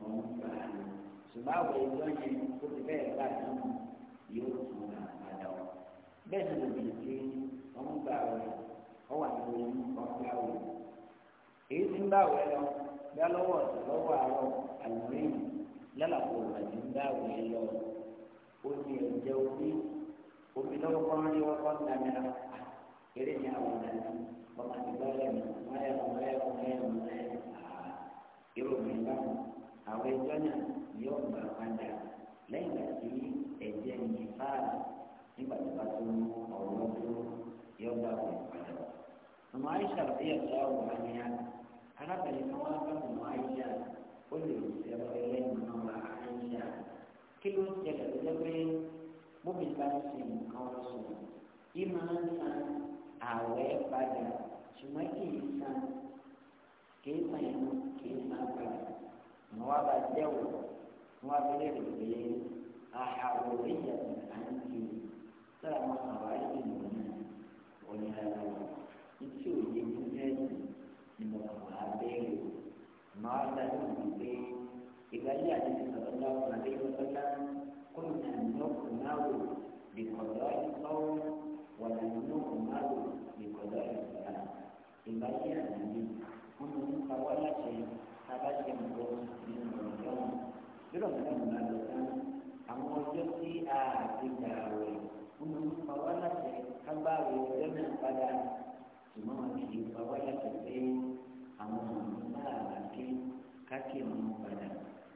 wọ́n gbà á lọ. ṣùgbọ́n àwọn ẹjọ́ yẹn tó ti bẹ́ẹ̀ bá náà yóò tún ra padà wọ̀. bẹ́ẹ̀ ni òbí ti wọ́n gbà wẹ̀ ọ wà ní orí wọ́n èyí ti ń bá wẹ̀ lọ bí alọ́wọ̀ lọ́wọ́ àárọ̀ àlùmíì lálàpọ̀ ìbàdí ń omi ẹ̀jẹ̀ omi omi lọ́wọ́ kọ́ ní wọ́n kọ́ dáná eré ní àwọn ọ̀nà ọmọ àdìgbò ẹ̀yẹ mọ̀ọ́yẹ mọ̀ọ́yẹ mọ̀ọ́yẹ mọ̀ọ́yẹ irú mi báwọn àwọn ẹjọ́ náà yóò gbà padà lẹ́yìn ìgbà tí ẹ̀jẹ̀ yìí fáàlì nígbà tí wọ́n tó ọ̀rọ̀ dúró yóò gbà padà. ọmọ àyíṣà rẹ̀ yẹ kí ọ̀rọ̀ wà ní àná arábìnrin náà wá bá ọmọ àyíṣà ó lè ṣe kí ló ń ṣẹlẹ̀ lọ́jọ́ pé bóbi bá ń ṣe nǹkan ọ̀sùn yìí máa ń san ààwẹ̀ padà ṣùgbọ́n kì í san kì í san inú kì í san padà wọ́n wá bá jẹ́wọ̀ wọ́n wá fi léèrè pé àhàwọ̀ ìyá àǹtí sára wọn àwárí ìlú náà wọ́n yára lọ́wọ́ òye ní bẹ́ẹ̀ ni mo kàn wá bẹ́ẹ̀ lò máa dájú pé. إذا جاء صلى الله عليه وسلم كنا نؤمر بقضاء الصوم ولا نؤمر بقضاء الصلاة إذا جاء النبي كنا نتولى شيء هذا شيء مقصود من اليوم يرون أن هذا àwọn ọjọ́ tí a ti gbà wẹ̀ fún un pàwọ́ láti kábà wẹ̀ ọjọ́ náà padà ṣùgbọ́n wọn kì í pàwọ́ láti pé àwọn ọmọ náà wà kí kákì wọn padà.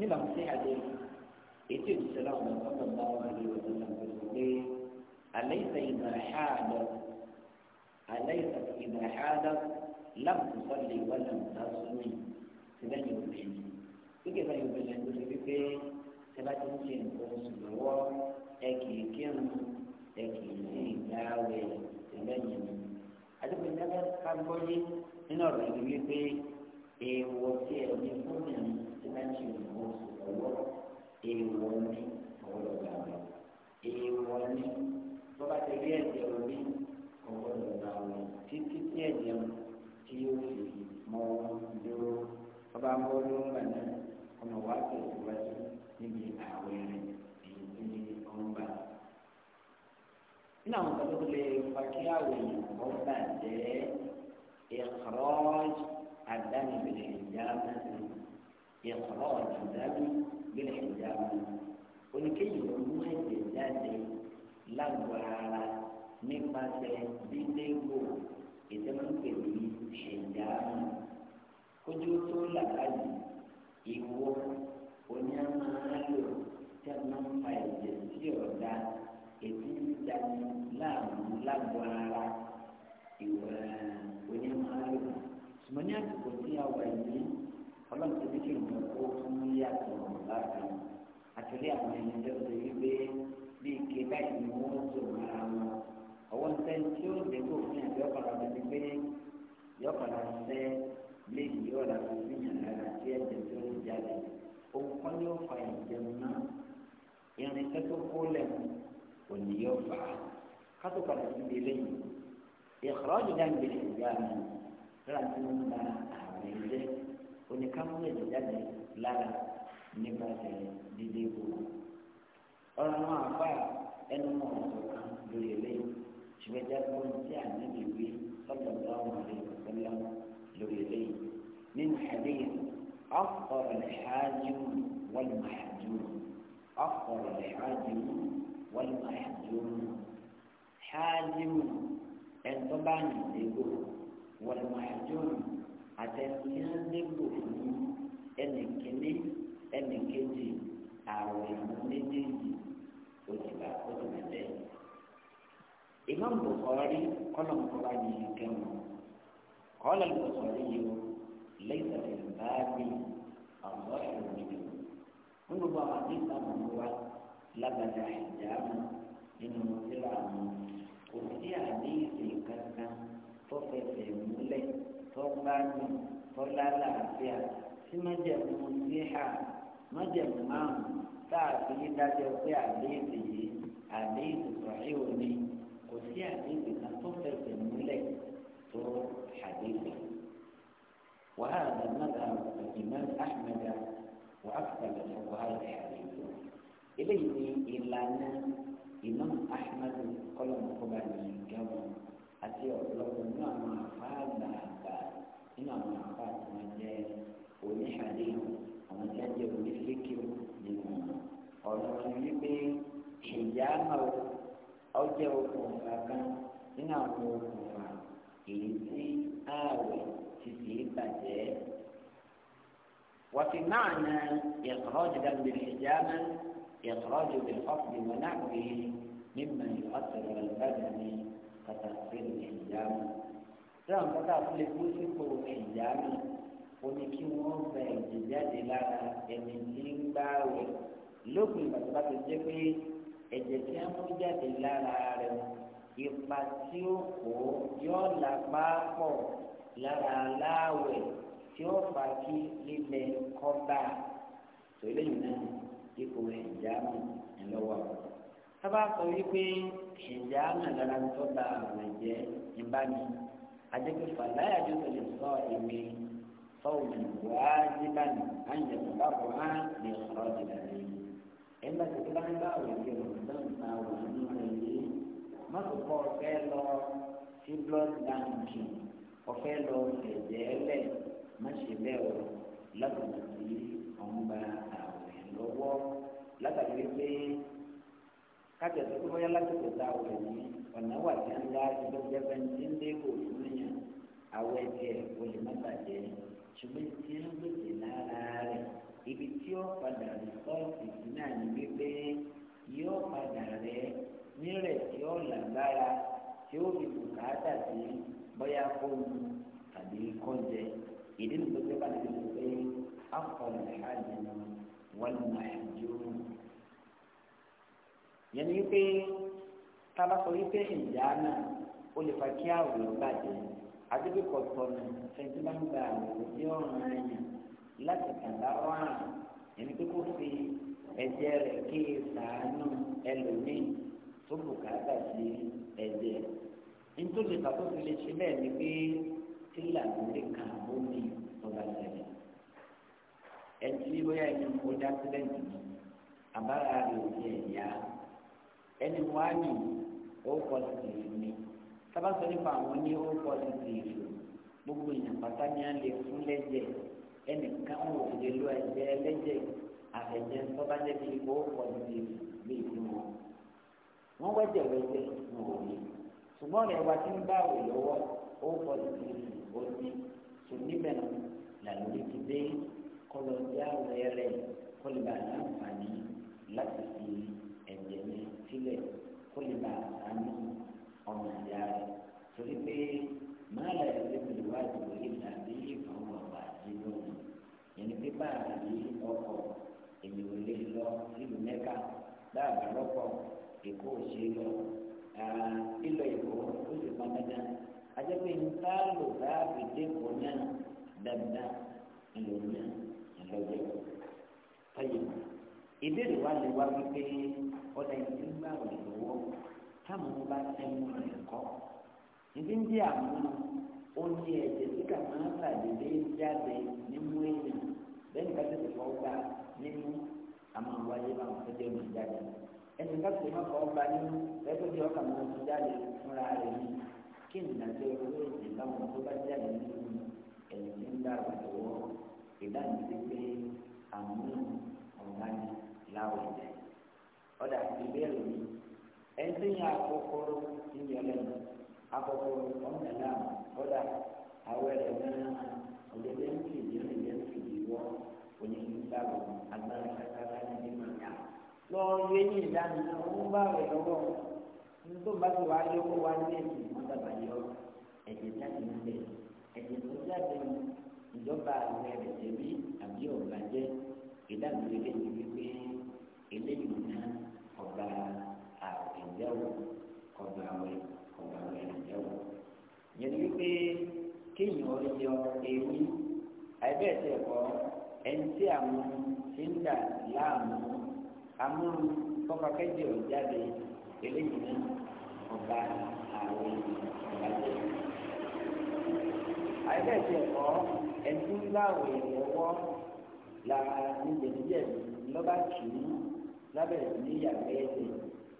níbàámu sí àdéhùn ètò ìṣẹ̀lẹ̀ àwọn ọmọ bá wà ní ọdún náà pẹ̀lú pé àlẹyìnsà ìdàrẹ́hàdà àlẹyìnsà ìdàrẹ́hàdà lámùsọ̀lẹ̀ wà lámùsọ̀lẹ̀ síbẹ̀ yóò bẹ̀rẹ̀ ní kíkẹ́ bá yóò bẹ̀rẹ̀ ní orí pé sẹ́bà ti ń ṣe nǹkan oṣù lọ́wọ́ ẹ kìí kírun ẹ kìí sí ìdáwẹ̀ síbẹ̀ yóò ní. àdúgbò ìdáwẹ̀ ká gbọ́ yé nínú ọ̀rọ̀ ìwé pé èèwọ̀ tí ẹ̀ ní fún mi mention the most of the world èèwọ̀ ni ọ̀gbọ́dọ̀ gbà wẹ̀ èèwọ̀ ni tó bá ti rí ẹ̀jẹ̀ omi ọ̀gbọ́dọ̀ gbà wẹ̀ títí tí ẹ̀jẹ̀ mu tí yóò fi mọ dúró ọba mọ́ọ́dún gbà náà ọmọ wa tẹ̀síwájú níbi ààwẹ̀ rẹ̀ èyí tó ní ọ̀gbà. nínú àwọn kan tó lè fa kí ààwẹ̀ yìí kọ́ bàjẹ́ ìkọ́rọ́ọ̀jì àdánìbẹ̀rẹ̀ ìyá náà ti إخراج الدم بالحجاب ولكي يكون الدم لغوارا nípasẹ̀ dídégbò ìdẹ́mọ̀pẹ̀ ní ṣẹ̀dáàmù kójú tó làkàyè ìwọ oníyàmáàlò tí a máa ń fa ẹ̀jẹ̀ sí ọ̀dà ètí ìdáni láàmú lágbo ìwọ oníyàmáàlò ṣùgbọ́n ní tí a wà yìí ọlọ́run ti ní kí ìmọ̀ ó tún yàtọ̀ láti àtúndì àwọn ẹni tó ṣe wípé bí ike báyìí ni wọ́n tó ara wọn ọwọ́ ń tẹ́ tí ó lè kó fún àti ọ̀pọ̀ làwọn ti pé yọ̀pọ̀ làwọn tẹ́ léyìí yóò rà sí ìyàn lára tí ẹ̀jẹ̀ tó ń jáde òun kọ́ ni fa ìjẹun náà irinṣẹ́ tó kó lẹ́nu kò ní yóò fà á kátó padà sí ilé yìí ìkọ́rọ́jù dáńgbèrè ìgbà mi rà sí ń ba àwọn ilé. oníkàmú ẹ̀jẹ̀ jáde lára nípasẹ̀ dídé kù. ọ̀rọ̀ àwọn àfa ẹnu mọ̀ ọ̀sọ̀ kan lórí eléyìí ṣùgbọ́n jágbó tí a níbi wí sọ́dọ̀ lọ́wọ́ rẹ̀ ọ̀sẹ̀lẹ̀ lórí eléyìí. nínú ìṣẹ̀lẹ̀ أفطر الحاجم والمحجوم أفطر الحاجم والمحجوم حاجم ẹ̀ńtọ́ bá yìí dégò والمحجوم àtẹnudí á dégò fún ẹnì kìíní ẹnì kejì ààrẹ ìlú méjèèjì òjìlá òjìlá imam bukhari kọlọm kọba yìí kẹwọn kọlọm bukhari yìí lẹsẹ ìbáàbí ọgbọ ìròyìn wọn gbogbo àwọn àdéhùn àwọn wa lábàdà ìjàmù nínú sílẹ kò sí àdéhùn kankan tó fẹsẹ̀ múlẹ̀. tọ́gbani tọ́lálà àfíà tí májẹ̀mú síhà májẹ̀mú márùn táàfin dájọ́ pé àléébì yìí àléébì sọ̀rọ̀ òní kò sí àléébì kan tó fẹsẹ̀ múlẹ̀ tó àléébì. وهذا المذهب الإمام أحمد وأكثر الفقهاء الحديث إليه إلا أن إمام أحمد قال مقبل جمع àti ọ̀pọ̀lọpọ̀ nínú àwọn àfáàgbà àgbà nínú àwọn àfáà tí wọ́n jẹ́ oníṣàdé àwọn tí wọ́n jẹ́ onífíkì nínú ọ̀rọ̀ wọn wípé ìyáàmà ọjọ́ okùnfà kan nínú àwọn okùnfà èyí tí ààwẹ̀ ti fi bàjẹ́. وفي معنى إخراج دم بالحجامة إخراج بالحفظ ونحوه مما يؤثر على البدن kàtà sínú ìyáàmù síra nǹkan tá a tún lè kó sípò ìyáàmù ó ní kí wọ́n gba ẹ̀jẹ̀ jáde lára ẹni tí ń gbá rẹ̀ lópin ìgbà tó bá ti jẹ́ pé ẹ̀jẹ̀ tí a mú jáde lára rẹ̀ ipa tí ó kó yọ lápá pọ̀ lára aláwẹ̀ tí ó fà kí lílẹ̀ kọ́ba tòlẹ́yìn náà ipò ìyáàmù ẹ̀ lọ́wọ́. sábà sọ wípé ìyá nàdàrà tó bá àrùn jẹ ìbáni àdéhùn fàlàyé àdéhùn lè sọ èmi fọwọ́n wájibani àyè bàbá kò á lè sọ̀rọ̀ jìnnà lé ẹgbẹ́ tó bá ń bá àwọn ìgbé rògbòdàn ta wà nínú ẹ̀yẹ mọ́tò kọ́ ọ̀fẹ́ lọ sí blood bank ọ̀fẹ́ lọ ẹ̀jẹ̀ ẹlẹ̀ má ṣe bẹ́ẹ̀ tí ọ̀hún bá àwẹ̀ lọ́wọ́ látàrí pé kájà tó kó bóyá lásìkò tá a wẹ̀ ní ọ̀nà wà tí a ń dá ẹgbẹ́ jẹ́fẹ́ ní ndébò níyàn àwọ̀ ẹ̀jẹ̀ kò lè má bàjẹ́ ṣùgbọ́n tí a ń gbèsè lára rẹ̀ ibi tí ó padà rí sọ́ọ̀sì sí náà ní wípé yóò padà rẹ̀ nírẹ̀ tí ó lágbára tí ó fi bùkátà sí bóyá kó tàbí kó ìdí nìkan tó bá níbi pé akọ̀lẹ̀ àjẹmọ́ wọ́n yẹn ni pé tábà sọ wípé ìyá náà ó lè fa kí àwòrán bàjẹ́ adébíkọ̀ tọ̀nà fẹ̀ntì máa ń gba àwòrán bí ọ̀ràn ẹ̀yìn láti kàdá ọ̀ràn yẹn ni pé kó fi ẹ̀jẹ̀ rẹ̀ kí sàánú ẹlòmíì tó bùkátà sí ẹ̀jẹ̀ nítorí pàtó fi lè ṣe bẹ́ẹ̀ ni pé tílà lórí kan ó ní ọba ṣẹlẹ̀ ẹtí bóyá ẹni kó dá sílẹ̀ nìyí àbára rẹ̀ ò tiẹ̀ yá ẹni wàá ní ó pọ̀sìtìfù ni sábà sọ nípa àwọn ní ó pọ̀sìtìfù gbogbo èèyàn pátá ní à ń lè fún lẹ́jẹ̀ ẹnìkan ò sì lè lo ẹ̀jẹ̀ lẹ́jẹ̀ àfẹ̀jẹ̀ sọ́bàjẹ́ bíi ó pọ̀sìtìfù bíi ti wọn. wọ́n wẹ́jẹ̀ wẹ́jẹ̀ wọn ò ní ṣùgbọ́n rẹ̀ wá tí ń bá òwe lọ́wọ́ ó pọ̀sìtìfù ó ní ṣùgbọ́n làlórí ti dé kọlọ jáwé rẹ kọlọ bá láǹfààní láti fi ẹ̀jẹ̀ ní sílẹ̀ kó lè bá àánú ọmọ ìyá rẹ̀ torí pé máa lè rí pẹ̀lú wájú ìlà bí ìfọwọ́ ọ̀gbà sí lónìí yẹnni pé bá àbí ọkọ̀ èmi ò lè lọ sílùú mẹ́ka dáàbà lọ́pọ̀ èkó ò ṣe lọ lílọ èkó ó sì pọn dandan ajẹ́pẹ́ ní táàlù dáàbì dẹ́kọ̀ náà dandan ńlọrọ̀ náà ńlọrọ̀ yẹ. ìbéèrè wa lè wá wípé ọ̀dà ìdí gbà wẹ̀ lọ́wọ́ táwọn bá tẹnu rẹ̀ kọ́ ìdí ń dí àmúlò ẹ̀jẹ̀ tí kà máa ń sàdédé jáde nímú èèyàn bẹ́ẹ̀ nípa tètè fọ́ gbà nímú àmọ́ wáyé bá wọn fẹ́jọ́ mi jáde ẹnì ká tètè má fọ́ gbà nímú bẹ́ẹ̀ tó di ọkà máa ń jáde fúnra rẹ̀ ní kí nìdájọ́ olóòtú báwọn tó bá jáde nínú ẹ̀jẹ̀ tí ń gbà lọ́wọ́ ìdáhùn ti pé àmúlò ọ̀gá láwùjọ ọ̀dà ìbéèrè mi ẹ̀ńtí yẹn akókóró ń yọ lẹ́nu akókóró ọ̀nà náà ọ̀dà àwọ̀ ẹ̀rẹ̀ náà ọ̀dẹ̀dẹ̀ ń fi ìdí ọ̀dẹ̀dẹ̀ ń fi ìdí wọ́ onígbàgbọ́ agbára kàkàrà níbi mànyà lọ yọ eyín ìdáni náà ó ń bá rẹ̀ lọ́wọ́ nítorí bá ti wá yọ kó wá ní èyí wọ́n dàgbà yọ ẹ̀jẹ̀ jáde nílẹ̀ ẹ̀jẹ̀ tó jáde ìjọba àwọn ẹ̀rẹ̀ tẹ̀lé àbí ọ̀gbàjẹ́ ìdáàbò eléyìí wípé eléyìí náà ọba àtẹ̀jáwò ọba àwẹ̀ ọba àwẹ̀ àtẹ̀jáwò. yẹn ni kéèyàn yọ ewì àìbẹ́ẹ̀tẹ̀ ẹ̀kọ́ ẹni tí àwọn láàmú amúrú kọ́kọ́kẹ́jẹ́ ò eléyìí ní ọba àwẹ̀ ọba àwẹ̀. àìbẹ́ẹ̀tẹ̀ ẹ̀kọ́ ẹni tí ń láwẹ̀ ẹ̀wọ́ la níjẹ̀díjẹ̀ lọ́ba kìí lábẹ́rẹ́ ní ìyàgbé ẹ̀sìn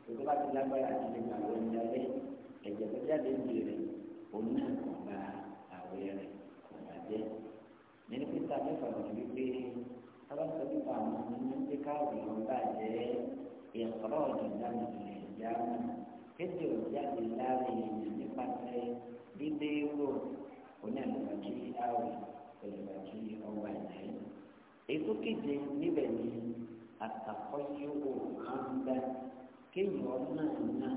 tó bá ti lágbára àti lè gbà wọ ẹ̀yà rẹ̀ ẹ̀jẹ̀ tó jáde ń bèrè òun náà kò bá àwẹ̀ rẹ̀ kò bá jẹ́. nínú pípa mẹ́fà ló ti pé sábàtà àwọn ọmọ ní káàbì ló ń bà jẹ́ ìkọ́rọ̀ ìdáná ìyá náà kéde òjáde láàrin èèyàn nípasẹ̀ gbígbé wò òun àlùbà kí àwẹ̀ òlùbà kí ọgbà ìdáyé. ètò kéde níbẹ̀ ni àtàkọ́yé òkàn gbà kéèyàn náà náà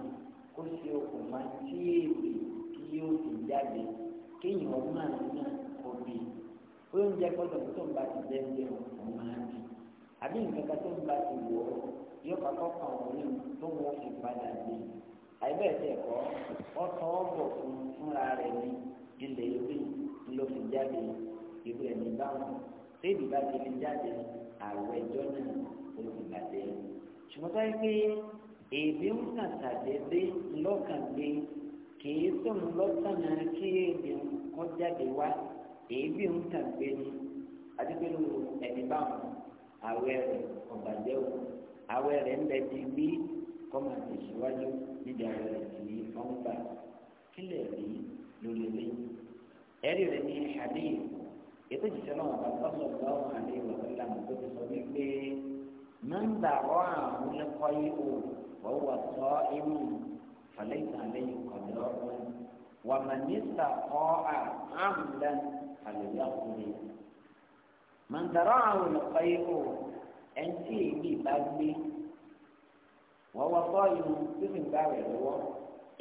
kó ṣe okùnfà tí èèyàn kí yóò fi jáde kéèyàn náà náà kò bì oúnjẹ gbọ́dọ̀ tó ń bá ti dẹ́gbẹ́ òun máa bì àbí nǹkan kan tó ń bá ti wọ̀ ọ́ yóò kọ́kọ́ kàn wọ́n ní tó wọ́n fi padà bì àìbẹ́ẹ̀ tẹ̀ kọ́ ọ̀tọ̀ ọ̀bọ̀ fún fúnra rẹ̀ ní ilẹ̀ ìlú ló fi jáde ìwé ẹ̀mí báwọn tẹ́lifà ti fi jáde àwọ̀ náà ó sì bàjẹ́ ṣùgbọ́n táyé pé èdè ń kàn sàdédé lọ́kàn gbé kìí sùn lọ́sànà kí èdè kan jáde wá èébì ń kàn gbé ni adébẹ́lú ẹni báwọn àwẹ̀ rẹ̀ ọ̀bàjẹ́ o àwẹ̀ rẹ̀ ń bẹ ti gbé kọ́mà tẹ̀síwájú níbi àwẹ̀ rẹ̀ kì í fọ́n gbà kílẹ̀ rí lórí eléyìí ẹ̀rí rẹ̀ ní hadith ètò ìṣẹ̀lẹ̀ wọn bá tọ́sọ̀ bá wọn àlẹ́ ìwọ̀n tó ti sọ wípé. من دعواه القيء وهو صائم فليس عليه قضاء ومن استطاع عمدا فليقضي من دعاه القيء أنت ببغي وهو صائم تسمى دعوه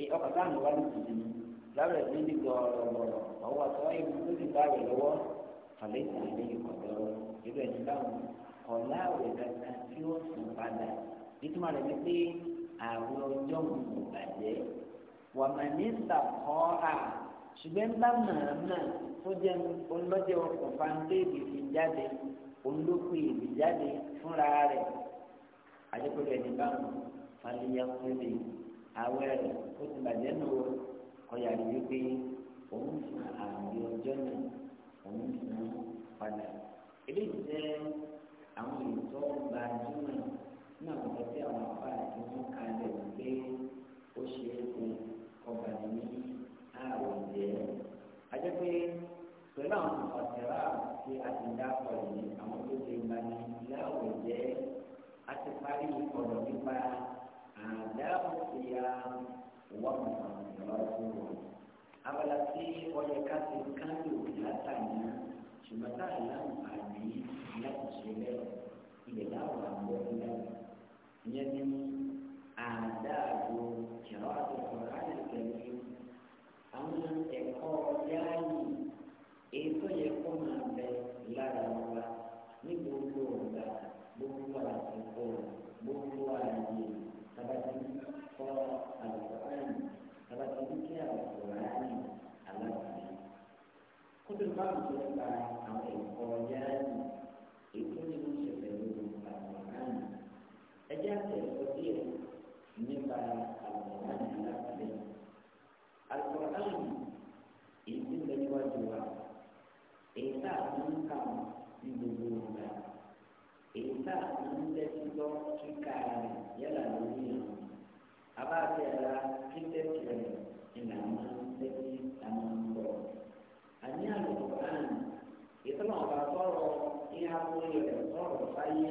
ọkọ̀ táwọn ìwà ló ti dìní lábẹ́ ìdí ní gbọ̀ọ̀rọ̀gbọ̀rọ̀ ọwọ́ àtọ́wọ́ ìlú ló ti bá rẹ̀ lọ́wọ́ àlẹ́ ìtàn àlẹ́ ìkọ̀dọ̀rọ̀ ibẹ̀ ní báwọn kọ̀lá àwẹ̀ kankan tí ó sùn padà nítorí rẹ̀ wípé àwọn ọjọ́ gbogbo bàjẹ́ wà mà ní sàkọ́ à ṣùgbọ́n bá màmá tó jẹ́ olójẹ́ ọkọ̀ fáńdéèdì fi jáde olókùn èdè jáde fúnra rẹ̀ àdékòlù ẹni báwọn fàlẹ́yà kúlẹ̀ àwẹ̀ rẹ̀ ó ti bàjẹ́ nù ó kọ̀yà wípé òun fún àwọn ọjọ́ náà òun fún padà àwọn ìtọ́ gbajúmọ̀ ní àwọn ọ̀gá tí àwọn afá àti wọn kalẹ̀ pé ó ṣe é fún ọba ní àrùn jẹ́. ajẹ́ pé pẹ̀lú àwọn ọ̀tẹ̀rà tí a ti dákọ̀ yìí àwọn tó ṣe gbani láwùjọ jẹ́ a ti parí ọ̀rọ̀ nípa àdáhùn sí ya abala tí ọ̀yẹ̀ká ti kánjú látàyàn ṣùgbọ́n tá a láǹfààní láti ṣe bẹ́ẹ̀ ilẹ̀ láwọn àgbọ̀ ńlá ìyẹn ní àdáàbò kẹrọ àtọkọ káyọ̀ kẹlẹ́ àwọn ẹ̀kọ́ yáàyè èyí tó yẹ kó máa bẹ lára wa ní gbogbo ọ̀gá gbogbo àsìkò gbogbo àyè tabatí kọ́ àlùkò àyè tabatí kí àlùkò nítorí báwo ṣe ń gba àwọn ẹ̀kọ́ yáàdì èyí ni wọ́n ṣe pẹ̀lú àwòrán ẹjẹ́ àtẹ̀kọ́ díẹ̀ nípa àwòrán alábàlẹ̀ àwòrán èyí tí ń bẹ níwájú wa èyí tá a ti ń kà wọ́n ní gbogbo ìgbà èyí tá a ti ń tẹ́tí lọ kíkà rẹ̀ yálà lórí ìrìn abáàbẹ̀ ẹ̀rá kíkẹ́kẹ́ rẹ̀ ìlànà tẹ́tí àwọn ní àlùkò náà ìtọ́nà ọ̀gá sọ̀rọ̀ ní abúlé rẹ̀ sọ̀rọ̀ sáyé.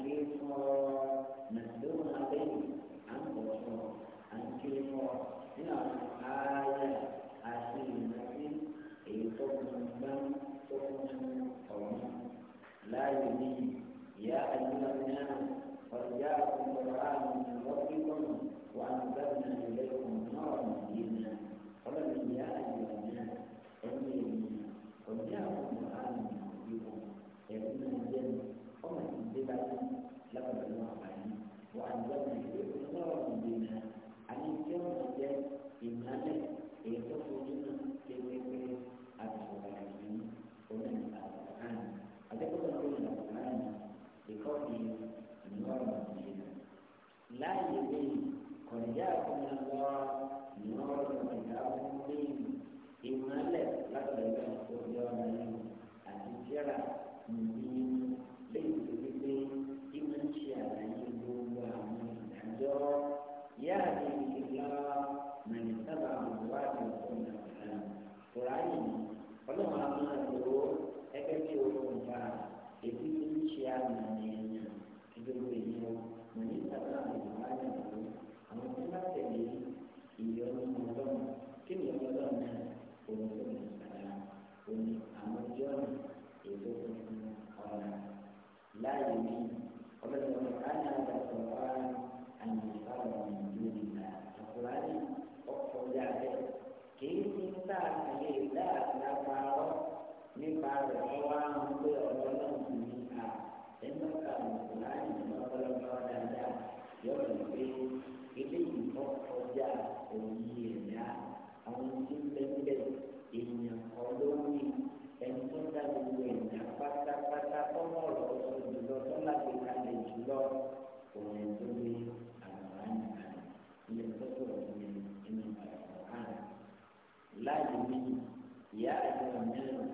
الكفر نستعين لكم الله عليه وأنزلنا إليكم نورا مبينا أن يكون هذا إيمانا يتفوجنا في ذكر الصالحين ومن القرآن أذكر من القرآن بقوله نورا مبينا لا يبين قد جاءكم من الله نورا وكتاب مبين إيمانا لكم الله أن يكون هذا ọlọ́run àbúrò lò ó ẹgbẹ́ bí owó nǹka èyí tó ń ṣe àmì ẹ̀yìn ìdókòwò èyí o mọ̀ ní ìtàkùn àmì ìwà ní ìlú àwọn tó bá tẹ̀lé ìyọnu ọlọ́run kí ni ọlọ́run náà òun tó ń sàrà òun àwọn ọjọ́ ètò tuntun ọ̀la láàyè mi ọlọ́run ọ̀la ní àgbàdo ọ̀la àmì ìfàwọ̀ ìlú ìlà àkùrá ní ọkọ̀ yára kì í ní sáà àyè nípa rẹ̀ kọ́ wá ń pè ọ̀rọ̀ náà sí ní à ẹ̀ńdọ́ ka mùsùlùmí ní ọ̀pọ̀lọpọ̀ dáadáa yóò pé ilé ìkọ́ ọjà òyì ẹ̀dá àwọn tí ń bẹ́ẹ̀ èèyàn ọlọ́wì ẹni tó dá gbogbo ẹ̀dá pátápátá ọmọ ọ̀rọ̀ ọ̀sọ̀ jùlọ tó láti kalẹ̀ jùlọ òun ẹ̀ gbé àgbà nìkan ilé tó sọ̀rọ̀ nínú àgbà láàyè mi ìyá àgbà mẹ́rin.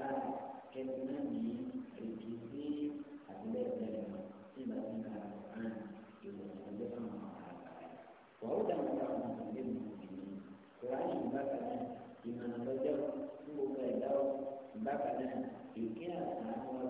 bákan náà ìkí àtàwọn